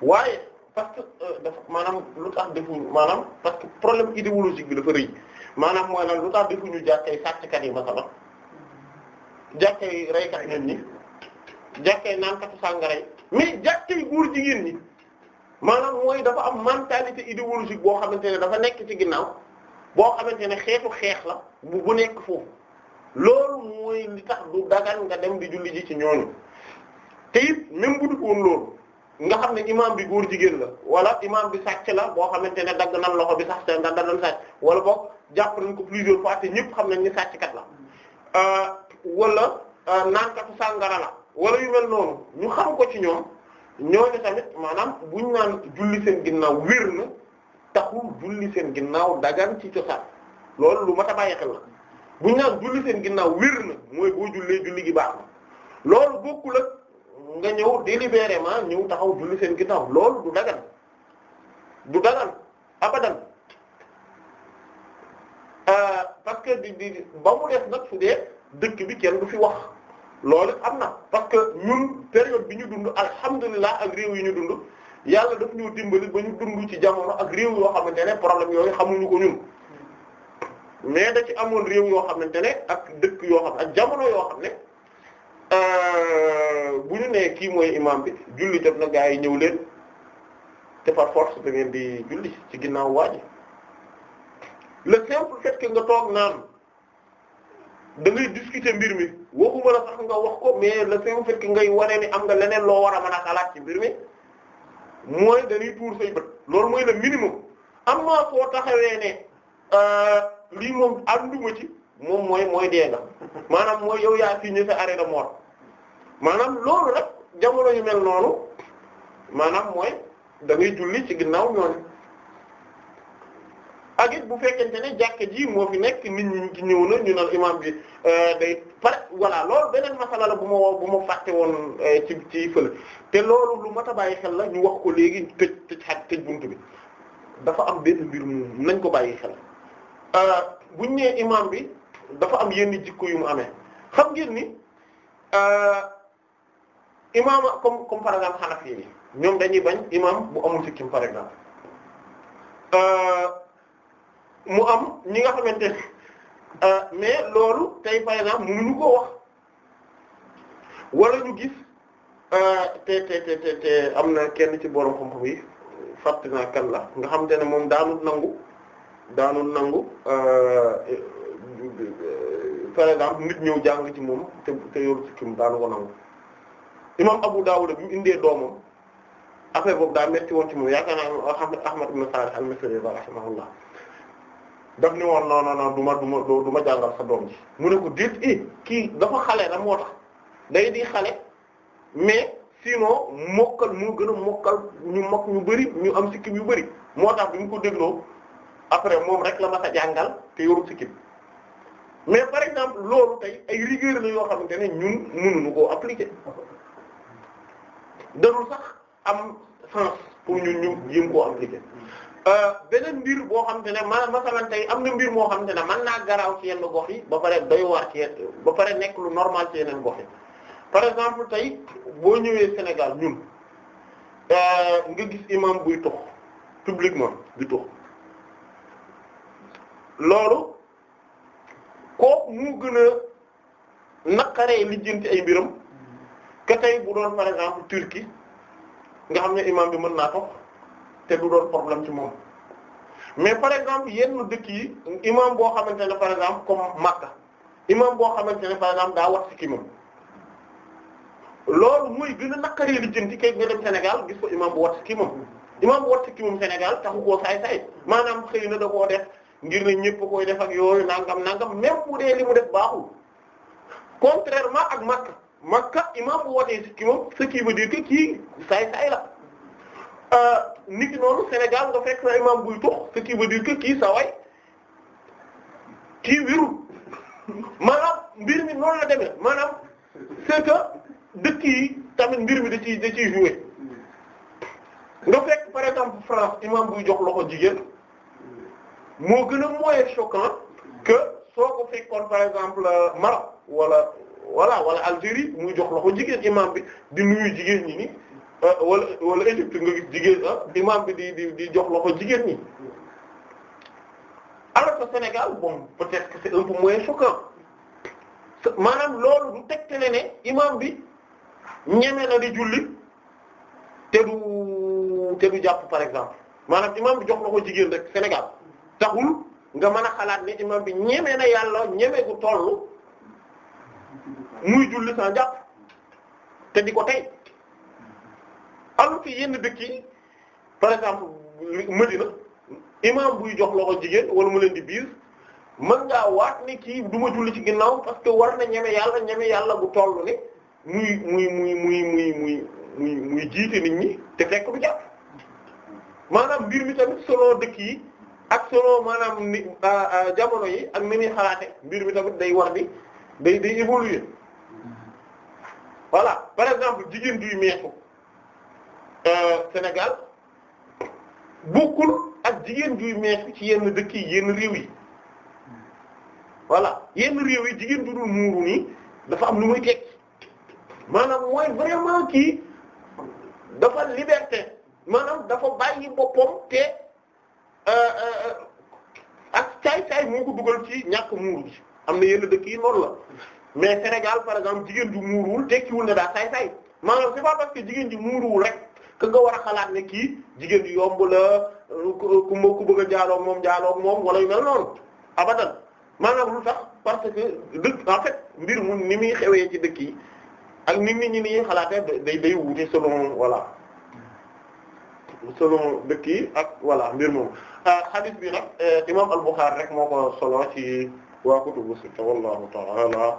waaye parce que euh, dafa maanaam lu tax defu maanaam parce que problème idéologique bi dafa rëy maanaam mooy lan lu tax ñu jàkkay sàcckat yi masalan jàkkay reykat nit ñi jàkkee naan katu sàngara yi mais jàkkee góor jigéen ñi maanaam mooy dafa am mentalité idéologique boo xamante ne dafa nekk ci ginnaaw boo xamante ne xeetu xeex la bu bu nekk foofu loolu mooy li tax du nga dem di julli ci ñooñu te it même bu dul woon loolu nga xam ne imaam bi góor jigéen la wala imaam bi sàcc la boo xamante ne dagg nan loxo bi sax te ndax da sàcc wala boog jàpp nañ ko plusieurs fois te ñëpp xam nañ ni sàcckat la euh, wala euh, naankatu sàngara la. wala yu mel noonu ñu xam ko ci ñoom ñooñu tamit maanaam buñ naan julli seen ginnaaw wér na taxul julli seen ginnaaw dagan ci cosaan lool lu mat a xel la buñ naan julli seen ginnaaw wér na mooy boo jullee julli gi baax na loolu bokkul ak nga ñëw délibérément ñëw taxaw julli seen ginnaaw loolu du dagan du dagan abadan euh, parce que di ba mu def nag su dee dëkk bi kenn du fi wax loolu am na parce que ñun période bi ñu dund alhamdulilah ak réew yi ñu dund yàlla daf ñu dimbali ba ñu dund ci jamono ak réew yoo xamante ne problème yooyu xamuñu ko ñun mais da ci amoon réew yoo xam ne ak dëkk yoo xam ak jamono yoo xam ne euh, bu ñu nee kii mooy imam bi julli def na gaa yi ñëw leen te par force da ngeen di julli ci ginnaaw waaji le simple fait que nga toog naan da ngay discuter mbir mi waxuma la sax nga wax ko mais le fait que ngay wane ni am nga leneen loo war a mën a xalaat ci mbir mi mooy dañuy tuur say bët loolu mooy le minimum am na soo taxawee ne euh, lii moom ànduma ci moom mooy mooy dee nga maanaam mooy yow yaa signé sa arrêt maanaam loolu rek jamono yu mel noonu maanaam mooy dangay ngay julli ci ginnaaw ñooñu. ak it bu fekkente ne jàkka ji moo fi nekk nit ñi ñëw na ñu ne imam bi euh, day pare voilà lool beneen masala la bu ma bu ma fàtte woon euh, ci ci te loolu lu mat a bàyyi xel la ñu wax ko léegi tëj tëj xaj tëj buntu bi dafa am benn mbir mu nañ ko bàyyi xel euh, buñ nee imam bi dafa am yenn jikko yu mu amee xam ngeen ni imam comme comme par exemple Hanafi ñoom dañuy bañ imam bu amul sikkim par exemple. mu am ñi nga xamante ne euh, mais loolu tey par exemple mënuñu ko wax wala ñu gis euh, te te te am na kenn ci borom xam-xam yi fàtte naa kan la nga xam xamante ne moom daanul nangu daanul nangu euh, par exemple nit ñëw jàng ci moom te te yoru ci kim daanu ko nangu imam Abu Dawud bi mu indee doomam affaire boobu daa metti woon ci moom yaakaar naa Ahmad ibn Salih al-Misri rahimahullah daf ni woon non non non du ma du ma du ma jàngal sa doom ji mu ne ko déet i eh, kii dafa xale na moo tax day di xale mais sinon mokkal mu gën a mokkal ñu mokk ñu bëri ñu am sikkim yu bëri moo tax bi ñu ko dégloo après moom rek la ma sa jàngal te yoru sikkim mais par exemple loolu tey ay rigueur la yoo xamante ne ñun mënuñu koo appliquer darul sax am sens pour ñu ñu jéem koo appliquer Euh, beneen mbir boo xam xamante ne ma masalan tey am na mbir moo xamante ne mën naa garaaw ci yenn gox yi ba pare doy waar ci yenn ba pare nekk lu normal ci yeneen gox yi par exemple tey boo ñëwee Sénégal ñun euh, nga gis imam buy tux publiquement di tux loolu kooku mu gën a naqaree lijjanti ay mbiram que tey bu doon par exemple Turquie nga xam ne imam bi mën naa tux te du doon problème ci moom mais par exemple yenn dëkk yi imam boo xamante ne par exemple comme Makka imam boo xamante ne par exemple daa wax ci kimam loolu muy gën a naqaree li jëm ci dem Sénégal gis ko imam bu wat ci kimam imam bu wat ci kimam Sénégal taxu koo saay-saay maanaam xëy na da koo def ngir ne ñëpp koy def ak yooyu nangam nangam même bu dee li mu def baaxul contrairement ak Makka Makka imam bu watee ci kimam ce qui veut dire kii saay la euh, niki noonu Sénégal nga fekk na imam buy tux ce qui veut dire que kii saway kii wiru maanaam mbir mi noonu la demee maanaam c'est que dëkk yi tamit mbir mi da ciy da jouer nga fekk par exemple France imam buy jox loxo jigéen moo gën a moins choquant que soo ko fekkoon par exemple euh, Maroc wala wala wala Algérie muy jox loxo jigéen imam bi di nuyu jigéen ñi ni Ah, wala wala Égypte nga gis jigéen ah imam bi di di di jox loxo jigéen ñi alors que Sénégal bon peut-être que c'est un loolu du tegtale ne imam bi ñeme na di julli te du jàpp par exemple maanaam imam bi jox loxo jigéen rek Sénégal taxul nga mën a xalaat ne imam bi ñeme na yàlla ñeme gu tollu muy julli sans jàpp te di ko tey. xam nga yenn dëkk yi par exemple Medina imam buy jox loxo jigéen wala mu leen di biir mën ngaa waat ni kii du julli ci ginnaaw parce que war na ñeme yàlla ñeme yàlla gu toll ni muy muy muy muy muy muy muy muy jiite nit ñi te fekk du jàpp maanaam mbir mi tamit selon dëkk yi ak solo maanaam ni jamono yi ak ni muy xalaate mbir mi tamit day wax di day day évoluer voilà par exemple jigéen duy meesu Euh, Sénégal bokkul ak jigéen juy meesu ci yenn dëkk yi yenn réew yi voilà yenn réew yi jigéen ju dul muuru nii dafa am lu muy teg maanaam mooy vraiment kii dafa liberté maanaam dafa bàyyi boppam te euh, euh, ak caay-caay moo ko dugal ci ñàkk muuru gi am na yenn dëkk yi noonu la mais Sénégal par exemple jigéen ju wul tekkiwul ne daa saay-saay maanaam c'est pas parce que jigéen ji muuruwul rek que nga war a xalaat ne kii jigéen yu yomb la ku ku bëgg a jaaloo moom jaaloo moom wala yu mel noonu abadan maanaam lu tax parce que dëkk en mbir mu ni muy xewee ci dëkk yi ak nit ñi ni ñuy day day wuute selon voilà selon dëkk ak voilà mbir moom euh, hadith bi nag euh, imam al-Bukhari rek moo ko solo ci waa kutubu sitta wallahu ta'ala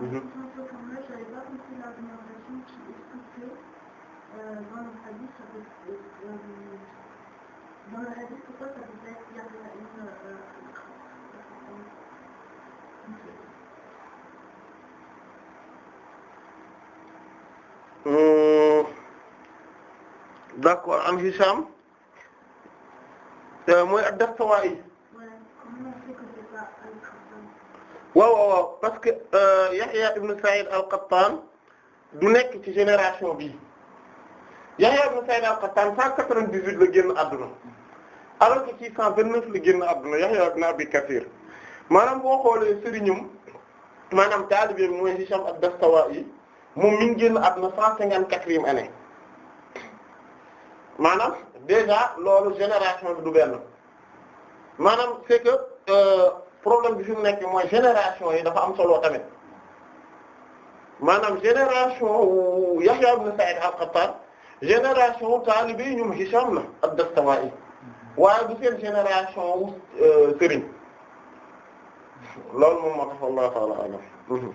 Mhm. Euh, euh, euh, dans le hadith, pourquoi ça devait dire une... Euh, euh, waaw waaw parce que euh, Yahya ibn Sa'id al-Qattan du nekk ci génération bi Yahya ibn Sa'id al-Qattan 198 la génn àdduna alors que ci 129 la génn àdduna Yahya ibn Abi Kathir maanaam boo xoolee sëriñum maanaam taalibe mooy Hisham ad-Dastawa'i moom mi ngi génn àdduna 154e année maanaam déjà loolu génération bi du benn maanaam c'est que. Euh, problème bi fi mu nekk mooy génération yi dafa am solo tamit maanaam génération wu Yahya ibn Sa'id al génération wu taalibe yi ñoom Hisham la ad-Dastawaa'i waaye du seen génération wu euh, sëriñ loolu moom moo ta'ala a'lam mhm.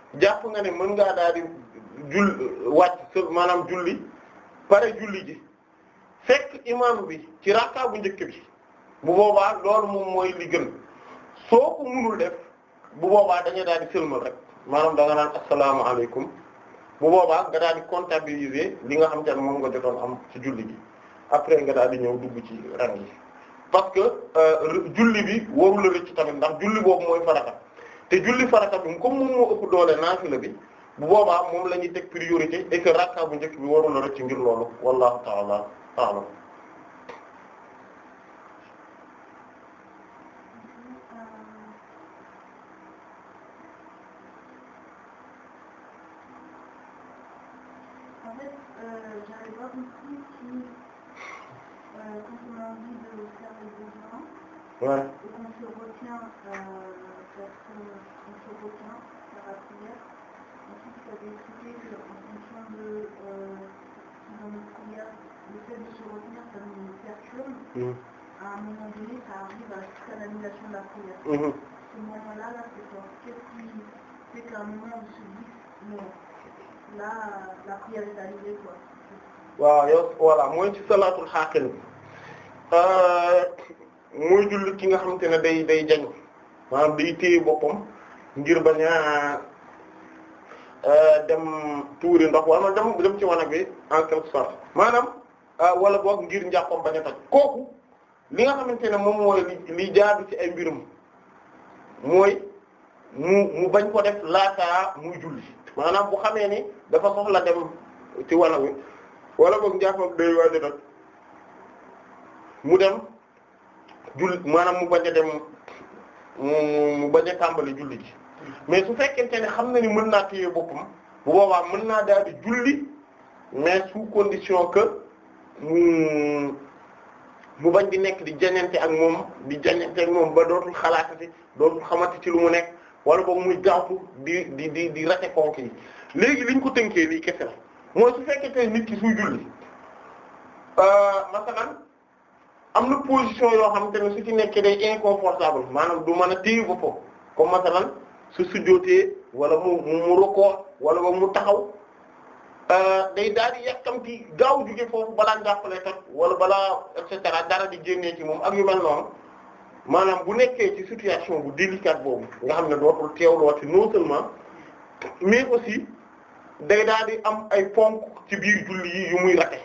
jàpp nga ne mën ngaa daal di jul wàcc maanaam julli pare julli ji fekk imaam bi ci rakka bu njëkk bi bu boobaa loolu moom mooy li gën soo ko munul def bu boobaa dañuy daal di sëlmal rek maanaam da nga naan asalaamaaleykum bu boobaa nga daal di comptabiliser li nga xam te ne moom nga jotoon am ci julli gi après nga daal di ñëw dugg ci rang yi parce que euh, julli bi warul la rëcc tamit ndax julli boobu mooy farata. te julli farata bi comme moom moo ëpp doole naafila bi bu boobaa moom la ñuy teg priorité et rakka bu njëkk bi warul la rëcc ngir loolu wallahu ta'ala a'lam euh, ouais. Mmh. À un moment donné, ça arrive à jusqu'à l'annulation de la prière. Mmh. Ce moment-là, là, c'est quoi Qu'est-ce qui fait qu'à un moment, on se dit, non, là, la prière est annulée, quoi. waaw yow voilà mooy ci salaatul xaaqil mooy jullit ki nga xamante ne day day jañ maanaam day téye boppam ngir bañ a euh, dem tuuri ndox wala dem dem ci wanag bi en quelque sorte maanaam euh, wala boog ngir njàppam bañ a kooku li nga xamante ne moom mooy li jaadu ci ay mbirum mooy mu mu bañ ko def laataa muy julli maanaam bu xamee ni dafa soxla dem ci wanag wi wala boog njàppam day waaj a toj mu dem. julli maanaam mu bañ a dem mu bañ a tàmbali julli ji mais su fekkente ne xam na ni mën naa téye boppam bu boobaa mën naa daal di julli mais sous condition que mu mu bañ di nekk di jañante ak moom di jañante ak moom ba dootul xalaatati dootul xamati ci lu mu nekk wala boog muy jàpp di di di di rate konk yi léegi liñ ko tënkee lii kese la mooy su fekkente nit ki suy julli euh, masalan am na position yoo xamante ne su ci nekkee day inconfortable maanaam du man a téye boppam comme masalan su sujjóotee wala mu mu rokkoo wala ba mu taxaw euh, day daal di yàkkamti gaaw jóge foofu balaa njàppale tat wala balaa et cetera dara di génnee ci moom ak yu mel noonu maanaam bu nekkee ci situation bu délicate boobu nga xam ne dootul teewluwaati non seulement mais aussi day daal di am ay ponk ci biir julli yi yu muy rate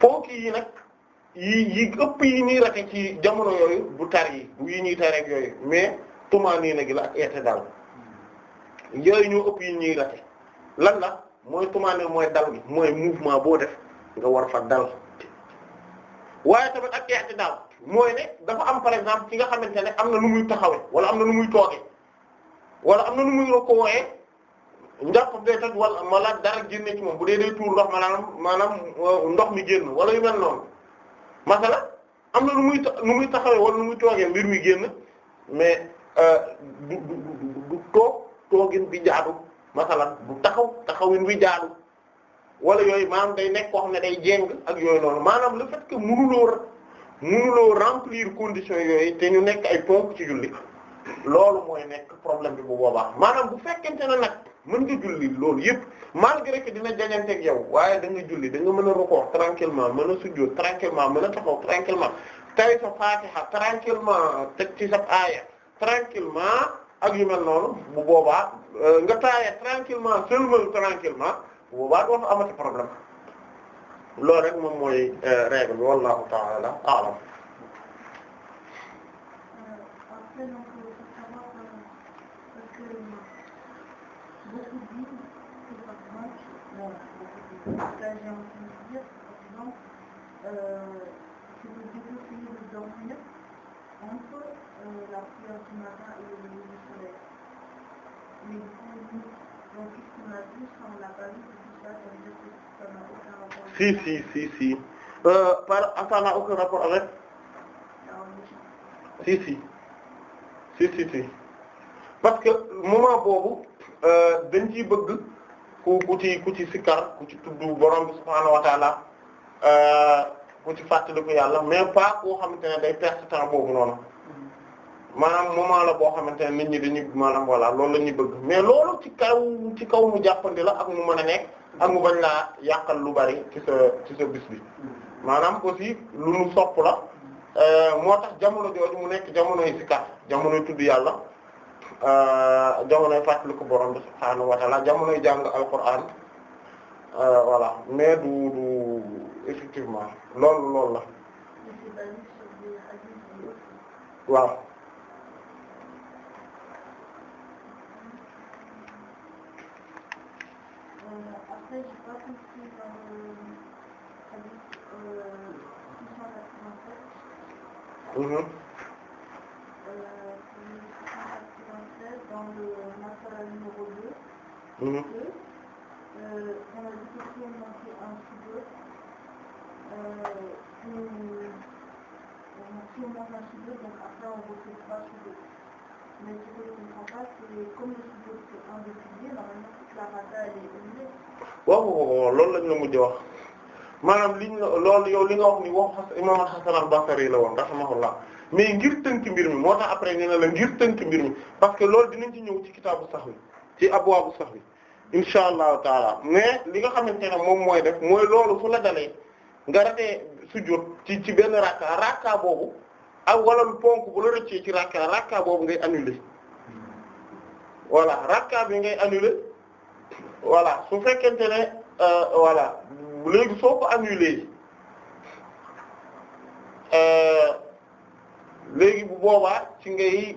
ponk yi nag yi yi ëpp yi ñuy rate ci jamono yooyu du tar yi du yi ñuy tareeg yooyu mais tumaaniina gi la ak eete dal yooyu ñoo ëpp lan la mooy tumaaniina mooy dal gi mooy mouvement boo def nga war fa dal waaye tamit ak eete dal mooy ne dafa am par exemple ci nga xamante ne am na nu muy taxawe wala am na nu muy tooge wala am na nu ko woxee njàpp day toj wala mala dara génne ci moom bu dee day tour ndox ma maanaam maanaam euh, ndox mi génn wala yu mel noonu masalan am na lu muy nu muy taxawee wala nu muy toogee mbir muy génn mais euh, du du du toog toogin bi jaadu masalan du taxaw taxawin wi jaadu wala yooyu maanaam day nekk koo xam ne day jéng ak yooyu noonu maanaam le fait que mënuloo mënuloo remplir conditions yooyu te ñu nekk ay ponk ci julli loolu mooy nekk problème bi bu boobaa maanaam bu fekkente ne nag. mën nga julli loolu yëpp malgré que dina jañanteeg yow waaye da nga julli da nga mën a rukkoo tranquillement mën a sujjóot tranquillement mën a taxaw tranquillement tay sa faatiha tranquillement teg ci sa aaya tranquillement ak yu mel noonu bu boobaa euh, nga taaya tranquillement seulement tranquillement bu boobaa doo fa amati problème loolu rek moom mooy euh, règle bi wallahu ta'ala a'lam Là, j'ai entendu dire, par exemple, euh, que vous devez essayer de dormir entre euh, la prière du matin et le lever du soleil. Mais donc, ce qu'on a vu, ça, on l'a pas vu, tout ça, ça veut dire que ça n'a aucun rapport. Si, si, si, si. Euh, par, ça n'a aucun rapport avec si si si si si parce que moment boobu euh, dañ ciy bëgg ku ku ci ku ci sikkar ku ci tudd borom bi subhaanahu wa taala euh, ku ci fàttaliku yàlla mais pas koo xamante ne day perte temps boobu noonu maanaam moment la boo xamante ne nit ñi dañuy maanaam voilà loolu la ñuy bëgg mais loolu ci kaw ci kaw mu jàppandi la ak mu mën a nekk ak mu bañ laa yàqal lu bari ci sa ci sa bis bi maanaam aussi lu nu sopp la euh, moo tax jamono jooju mu nekk jamonoy sikkar jamonoy tudd yàlla Euh, jamonoy fàttaliku borom bi subhaanahu wa ta'ala jamonoy jàng alquran euh, voilà mais du du effectivement loolu loolu la waaw mm-hmm. que on a expérimenté un petit peu que on monte un studio donc après on retrouve trois studios mais ce que waaw loolu lañ la mujj wax maanaam liñ loolu yow li nga wax ni wax imam Hasan al-Basri la woon rahimahullah mais ngir tënk mbir mi moo tax après ñu ne la ngir tënk mbir mi parce que loolu dinañ ci ñëw ci kitaabu sax mi. ci abwaabu sahwi insha allahu taala mais li nga xamante ne moom mooy def mooy loolu fu la dalee nga ratee sujjóot ci ci benn rakka rakka boobu ak wala lu ponk bu la rëccee ci rakka rakka boobu ngay annuler voilà rakka bi ngay annuler voilà su fekkente ne euh, voilà léegi soo ko annuler euh, léegi bu boobaa ci ngay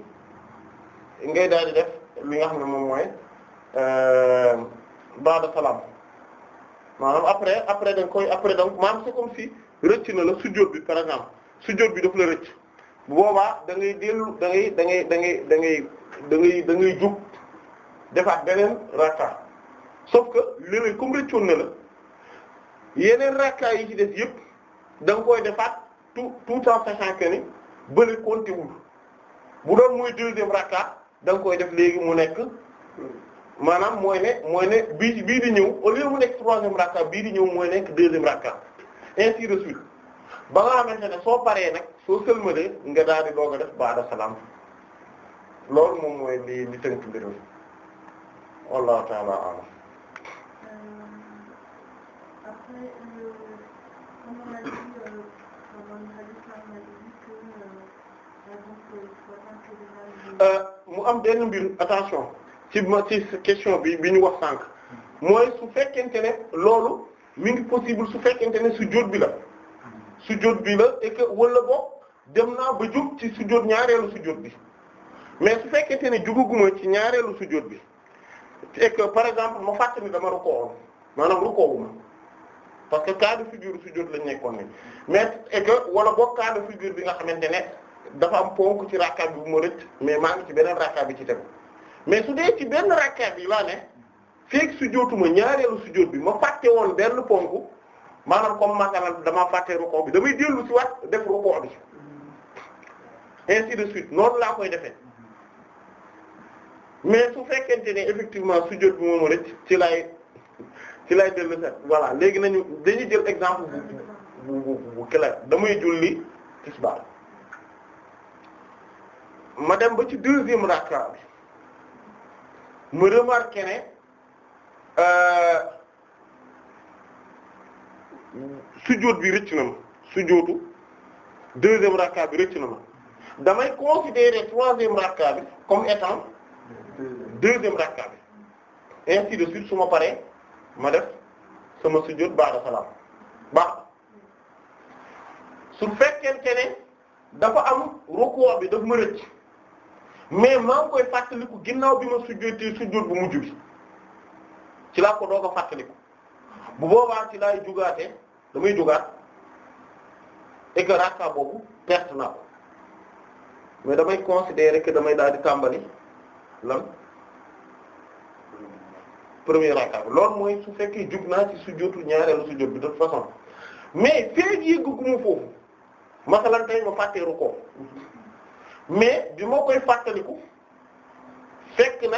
ngay daal di def li nga xam ne moom mooy. Euh, ba'da salaam maanaam après après da nga koy après da nga maanaam c'est comme si rëcc na la sujjóot bi par exemple sujjóot bi daf la rëcc bu boobaa da ngay dellu da ngay dangay ngay da ngay da ngay da ngay da ngay jug defaat beneen rakka sauf que léeg-léeg la yeneen rakka yi ci des yëpp da nga koy defaat tout tout en sachant que ni bële compté bu doon mooy deuxième rakka da nga koy def léegi mu nekk. maanaam mooy ne mooy ne bii bii di ñëw au lieu mu nekk troisième rakka bii di ñëw mooy nekk deuxième rakka ainsi de suite ba nga xamante ne soo paree nag soo sëlmalee nga daal di doog a def baada salaam loolu moom mooy li li tënk mbir wallahu ta'ala a'lam. Euh, mu am benn mbir attention. ci ma ci question bi bi ñu wax sànq mooy su fekkente ne loolu mi ngi possible su fekkente ne sujjóot bi la sujjóot bi la et walla wala boog dem naa ba jug ci sujjóot ñaareelu sujjóot bi mais su fekkente ne jugaguma ci ñaareelu sujjóot bi et par exemple ma fàttali ni dama rukkoo maanaam rukkoowuma parce que cas de figure sujjóot lañ nekkoon ni mais et que wala boog cas de figure bi nga xamante ne dafa am ponk ci rakka bi bu ma rëcc mais maa ngi ci beneen rakka bi ci tegu. mais su dee ci benn rakka bi laa ne feek sujjóotuma ñaareelu sujjóot bi ma fàtte woon benn ponk maanaam comme masalan damaa fàtte rukoo bi damay dellu ci waat def rukoo bi ainsi de noonu laa koy defee mais su fekkente ne effectivement sujjóot bi moom rek ci laay ci lay dellu set voilà léegi nañu dañu jël exemple bu bu bu clair damay julli tisbaar ma dem ba ci deuxième rakka bi mu remarqué ne euh, sujjóot bi rëcc na ma sujjóotu deuxième rakka bi rëcc na ma damay considérer troisième rakka bi comme étant deuxième rakka bi de suite su ma pare ma def sama sujjóot ba'da salaam baax su fekkente ne dafa am rukkoo bi daf ma rëcc mais maa koy fàttaliku ginnaaw bi ma sujjóotee sujjóot bu mujj bi ci laa ko doog a fàttaliku bu boobaa ci laay jugaatee damay jugaat et que rakka boobu perte naa ko mais damay considérer que damay daal di tàmbali lan premier rakka loolu mooy su fekkee jug naa ci sujjóotu ñaareelu sujjóot bi de façon mais feeg yëggu gu ma foofu masalan tey ma fàtteeru ko mais bi ma koy fàttaliku fekk na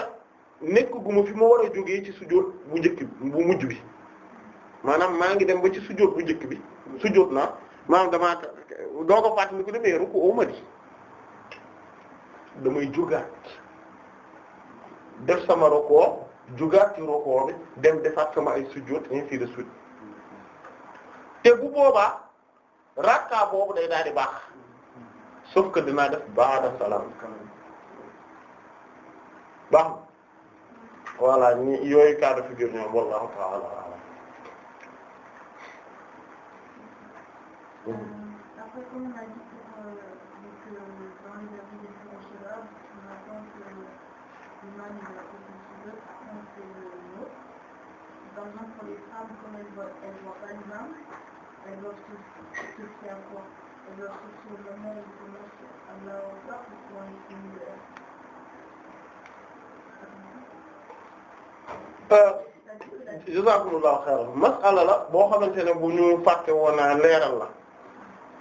nekk gu ma fi ma war a jógee ci sujjóot bu njëkk bi bu mujj bi maanaam maa ngi dem ba ci sujjóot bu njëkk bi sujjóot naa maanaam damaa doo ko fàttaliku demee ruku awma di damay jógaat def sama rokoo jógaat ci rokoo dem defaat sama ay sujjóot ainsi te bu boobaa rakka boobu day daal di baax sauf que dinaa def baada salaam baax na voilà ñi yooyu cas de figure ñoom wallahu ta'ala Par exemple, pour les femmes, comme elles ne voient pas l'imam, elles doivent se, se fier à quoi الرسول الملك المسيح أنه euh, تخلص من jazakumullahu la boo xamante ne bu ñu fàtte woon naa leeral la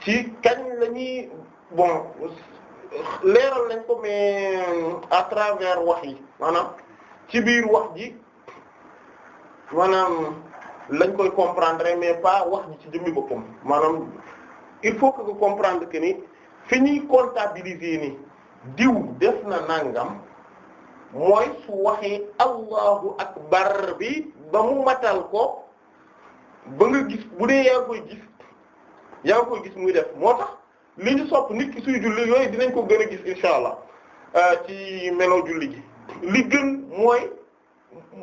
ci kañ lañuy ñuy bon leeral lañ ko mais euh, à travers wax yi maanaam ci biir wax ji maanaam lañ koy comprendre mais pas wax ji ci jëmmi boppam maanaam il faut que nga comprendre que ni fi ñuy comptabiliser ni diw def na nangam mooy su waxee allahu akbar bi ba mu matal ko ba nga gis bu dee yaa koy gis yaa koy gis muy def moo tax li ñu sopp nit ki suy julli yooyu dinañ ko gën a gis insha allah euh, ci melo julli gi li gën mooy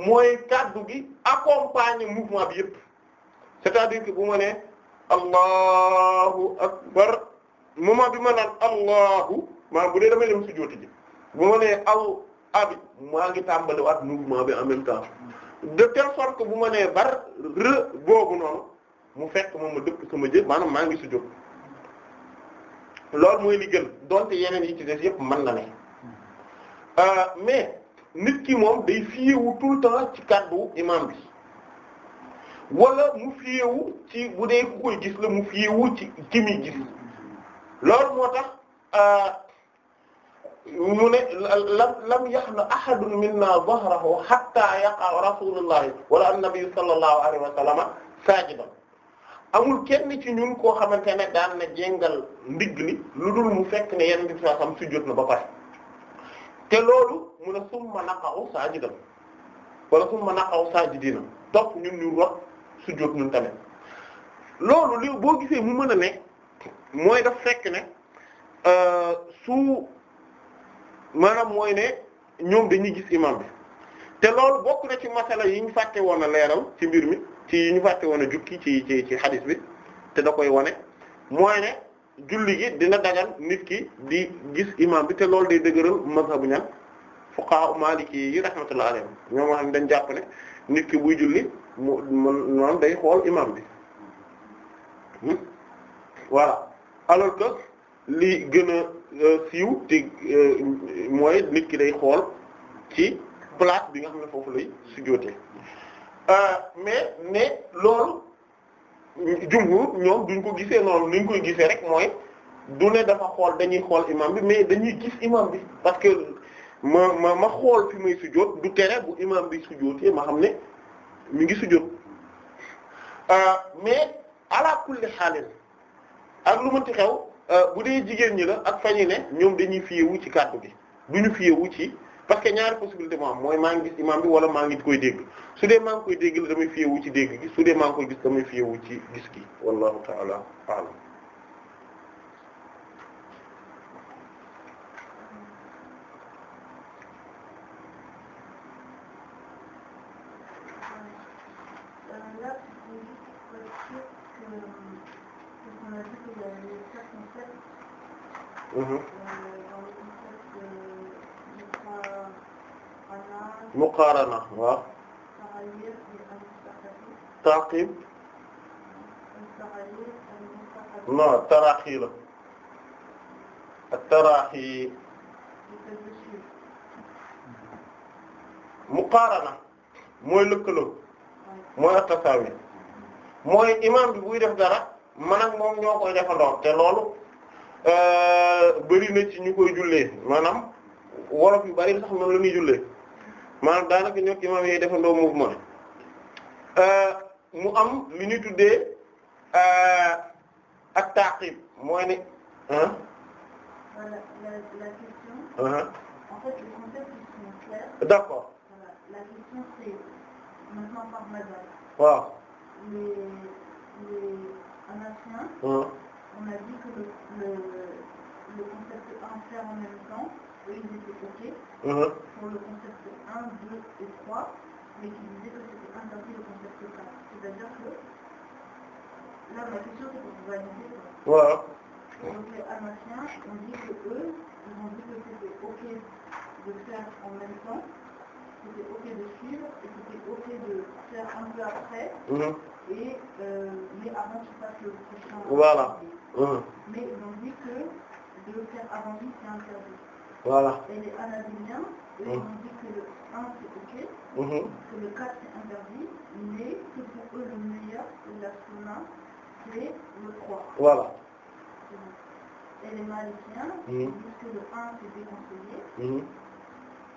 mooy kaddu gi accompagner mouvement bi yëpp cest dire que bu ma nee allahu akbar moment bi man naan allahu maa bu dee damay dem sujjóoti ji bu ma nee al abi maa ngi tàmbaliwaat mouvement bi en même temps de telle sorte que bu ma nee bar rë boobu noonu mu fekk moom ma dëkk sama jë maanaam maa ngi sujjóot loolu mooy li gën yeneen yi ci des yëpp mën na ne euh, mais nit ki moom day fiyewu tout le temps ci kàddu imam bi wala mu fiyewu ci bu dee ku koy mu fiyewu ci ci muy gis loolu moo tax euh, mu ne lam lam yahna minna zahrahu hatta yaqa rasulullahi wala annabi sallallahu alayhi wa amul kenn ci ñun koo xamante ne daan na jengal ndigg li lu dul mu fekk ne yenn bi saa na ba pare te loolu mu ne summa naqa'u saajidan wala summa naqa'u saajidina topp ñun sujjóot ñun tamit loolu li boo gisee mu mën a ne mooy daf fekk ne euh, su maanaam mooy ne ñoom dañuy gis imam bi te loolu bokk na ci masala yi ñu fàtte woon a leeral ci mbir mi ci yi ñu fàtte woon a jukki ci ci ci xadis bi te da koy wane mooy ne julli gi dina dagal nit ki di gis imam bi te loolu day dëgëral mazhabu ñan fuqaha maliki yi rahmatullah alayhim ñoom wax dañ jàpp ne nit ki buy julli mu maanaam day xool imam bi hmm? voilà alors que li gën a euh, siiw te euh, mooy nit ki day xool ci place bi nga xam ne foofu lay sujjóote euh, mais ne loolu jumhur ñoom duñ ko gisee noonu liñ koy gisee rek mooy du ne dafa xool dañuy xool imam bi mais dañuy gis imam bi parce que ma ma ma xool fi muy sujjóot du tere bu imam bi sujjóotee ma xam ne mi ngi sujjóot euh, mais ala kulli xaalin ak lu mënti xew euh, bu dee jigéen ñi la ak fañi ne ñoom dañuy fiyewu ci kàddu bi du ñu fiyewu ci parce que ñaari possibilité moo mooy maa ngi gis imam bi wala maa ngi koy dégg su dee maa ngi koy dégg la damay fiyewu ci dégg gi su dee maa ngi koy gis damay fiyewu ci gis gi wallahu ta'ala a'lam Mm-hmm. muqaarana waaw taqib non taraxi la ak taraxi muqaarana mooy lëkkaloo mooy ak mooy imaam bi buy def dara man ak moom ñoo koy defandoo te loolu Euh, bëri na ci ñu koy jullee maanaam wolof yu bëri sax noonu la ñuy jullee maanaam daanaka ñoo imam yi defandoo mouvement euh, mu am lu ñuy tuddee euh, ak taqib mooy ne ah. voilà la la on a dit que le, concept 1 faire en même temps, eux ils étaient OK uh-huh. pour le concept 1, 2 et 3, mais qui disaient que c'était interdit le concept 4. C'est-à-dire que là ma question c'est qu'on valide quoi. Voilà. Et donc les Hamasiens, que eux, ils ont dit que c'était OK de faire en même temps. c'était ok de suivre et c'était ok de faire un peu après. Mm-hmm. et euh, mais avant qu'il passe le prochain. voilà. Mm-hmm. mais ils ont dit que de le faire avant lui c'est interdit. voilà et les anabiniens eux ils mm-hmm. ont dit que le 1 c'est ok. que le 4 c'est interdit mais que pour eux le meilleur de la sunna c'est le 3. voilà. et les malikiens. ils disent que le 1 c'est déconseillé.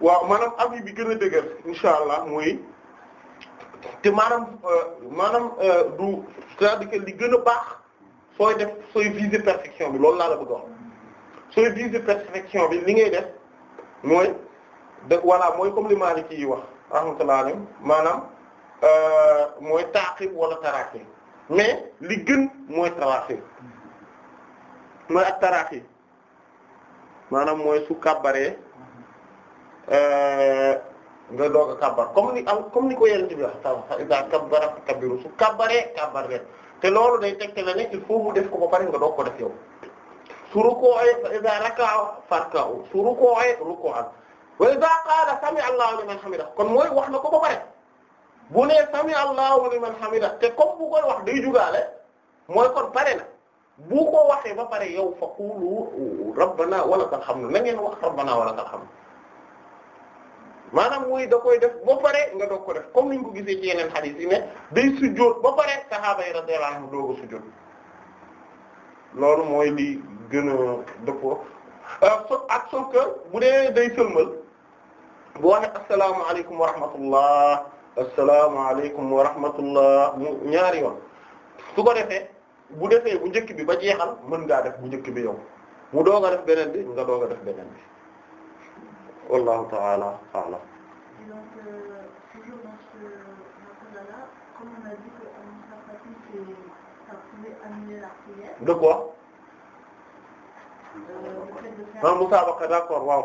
waaw maanaam abi bi gën a dëgër insha allah mooy te maanaam euh, maanaam euh, du cest à li gën a baax sooy def sooy viser perfection bi loolu laa la bëgg a sooy viser perfection bi li ngay def mooy de voilà mooy comme li Maliki yi wax rahmatullah alayhi maanaam euh, mooy taaqib wala taraakib mais li gën mooy taraxi mooy ak taraxi maanaam mooy su kàbbaree euh, nga doog a kàbbar comme ni am comme ni ko yenente bi wax sa isa kabbara fa kabbiru su kàbbaree kàbbar leen te loolu day tegte la ne il faut mu def ko ba pare nga doog ko def yow su rukkooye fa isa rak'a farka'u su rukkooye ruku'an wa isa qaala sami'a Allahu liman hamidah kon mooy wax na ko ba pare bu nee sami allahu liman hamida te comme bu koy wax day jugaale mooy kon pare na bu ko waxee ba pare yow fa qulu rabbana wa lakal hamdu na ngeen wax rabbana wa lakal hamdu maanaam muy da koy def ba pare nga dog ko def comme niñ ko gisee ci yeneen hadith yi ne day sujjóot ba pare sahaaba yi radiyallahu anhum dooga sujjóot mooy li gën a dëppoo euh, ak sauf que bu dee day sëlmal bu waxee assalaamu alaykum wa asalaamaaleykum wa rahmatullah mu ñaari yoon su ko bu defee bu njëkk bi ba jeexal mën def bu njëkk bi yow mu doog a def beneen bi nga doog a def beneen bi wallahu ta'ala a'lam. Euh, de quoi ah euh, musabaqa d'accord waaw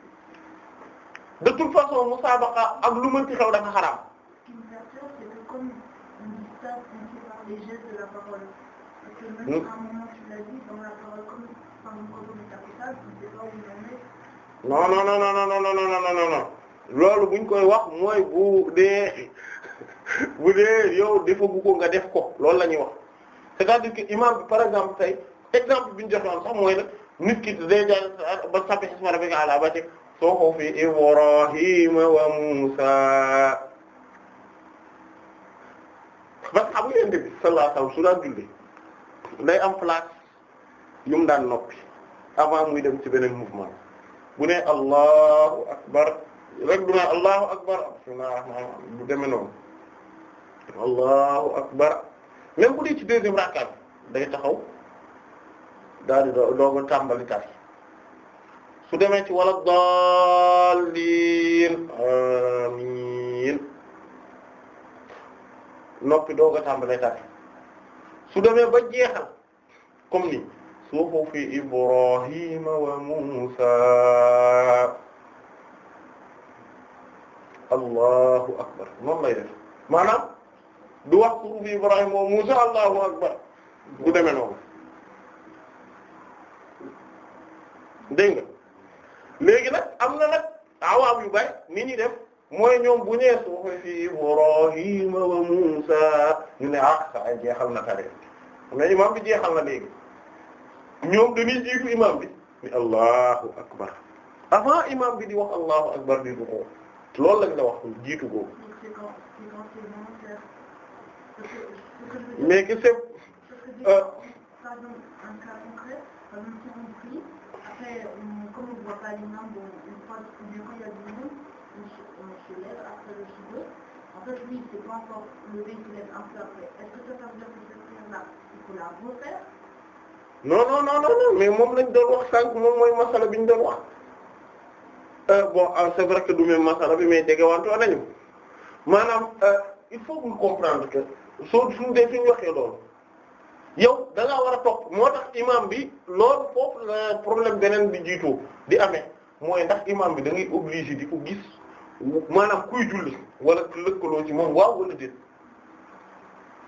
de toute façon musaabaqa ak lu mën ci xew dafa xaraam. non non non loolu guñ koy wax mooy bu dee yow defagu ko nga def ko loolu la ñuy wax c'est-à-dire que imam bi par exemple tey exemple bi ñu joxe woon sax mooy nag nit ki day jaar ba sàppe xisma rabbika ala ba teg suhufi Ibrahima wa Musa ba xam nga yonent bi sallallahu alayhi wasallam su daan julli am place yu mu daan noppi avant muy dem ci beneen mouvement bu ne allahu akbar rek du na allahu akbar bismillah bu demee noonu allahu akbar même bu dee ci deuxième rakkaat day taxaw daal di doog a su demee ci wala daalliin amiin noppi doog a tàmbalee tàbbi su demee ba jeexal comme ni suhufi Ibrahima wa Muusaa allahu akbar noonu maanaam du wax suhufi Ibrahima wa Muusaa allahu akbar du noonu dégg nga léegi nag am na nag awaam yu bari ni ñuy def mooy ñoom bu ñees fi Ibrahima wa Musa ñu ne ah sa ay jeexal na tare mais imam bi jeexal na léegi ñoom dañuy jiitu imam bi allahu akbar avant imam bi di wax allahu akbar di du ko loolu la wax jiitu ko mais que c'est euh qu'on ne non non non mais moom lañ doon wax sànq moom mooy masala bi ñu doon wax euh, bon euh, c'est vrai que du même masala bi mais déggawantoon nañu maanaam euh, il faut que comprendre que soo suñu dee suñu waxee yow da war a topp moo tax imam bi lool foofu la problème beneen bi jiitoo di amee mooy ndax imam bi da ngay obligé di ko gis maanaam kuy julli wala lëkkaloo ci moom waaw wala déet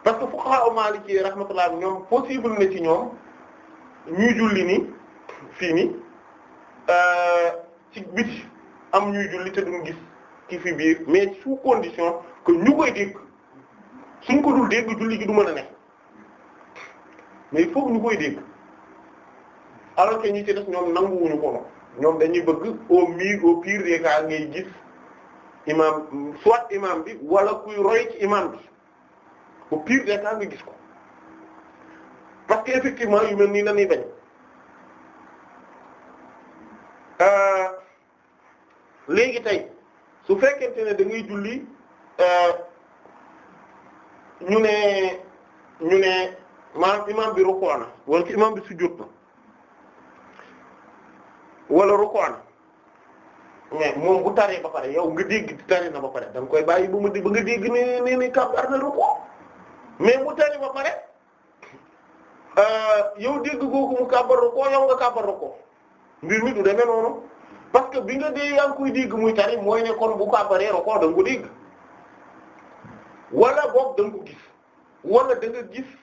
parce que fuqaha maliki rahmatullah ñoom possible na ci ñoom ñuy julli ni fii ni euh, ci biti am ñuy julli te duñ gis ki fi biir mais sous condition que ñu koy dégg suñ ko dul dégg julli gi du mën a nekk mais foog ñu koy dégg alors que ñi ci def ñoom nanguwuñu ko ñoom dañuy bëgg au mire au pire des cas ngay gis imam soit imam bi wala kuy roy ci imam bi au pire des cas nga gis ko parce que effectivement yu mel nii dañuy bañ euh, léegi tey su fekkente ne dangay ngay julli euh, ñu ne ñu ne. maanaam imaam bi rukkoo na wala ki imaam bi sujjóot wala rukkoo na moom bu taree ba pare yow nga dégg tari na ba pare danga koy bàyyi ba ma ba nga dégg ne ne ne kàbbar ba pare euh, yow dégg googu mu kàbbar rukkoo yow nga kàbbar rukkoo mbir mi du demee noonu parce que bi nga dee yaa koy dégg muy tari mooy ne kon bu kàbbaree rukkoo da nga ko dégg wala boog da gis wala da gis.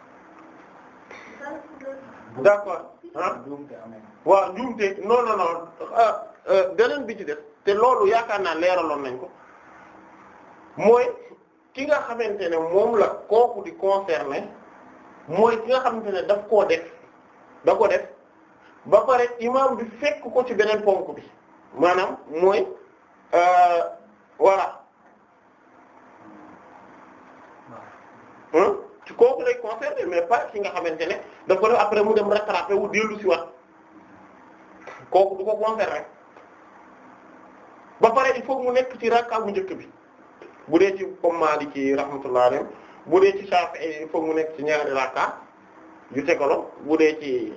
d'accord ah waaw njuumte non non non ah, euh, beneen bi ci def te loolu yaakaar naa leeraloon nañ ko mooy ki nga xamante ne moom la kooku di concerné mooy ki nga xamante ne daf koo def da ko def ba pare imaam bi fekk ko ci beneen ponk bi maanaam mooy euh, voilà. kooku lay concerné mais pas ki nga xamante ne dafa def après mu dem rattrapé wu lu si waat kooku du ko concerné ba pare il faut mu nekk ci rakka bu njëkk bi bu dee ci comme Maliki rahmatullah alayhi bu dee ci mu nekk ci ñaari rakka yu tegalo bu dee ci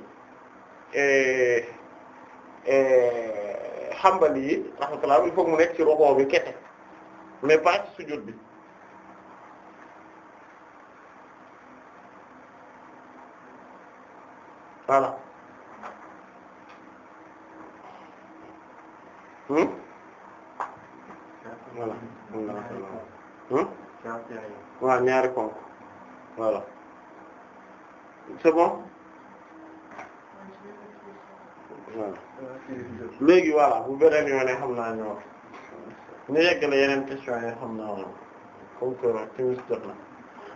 xambal eh, eh, yi rahmatullah il faut mu nekk ci roko bi kete mais pas ci bi voilà hmm voilà hmm waaw ñaari konk voilà c'est bon voilà léegi voilà bu beneen yoone xam naa ñëw ñu yeggale yeneen question yi xam naa woon comme que timis jot na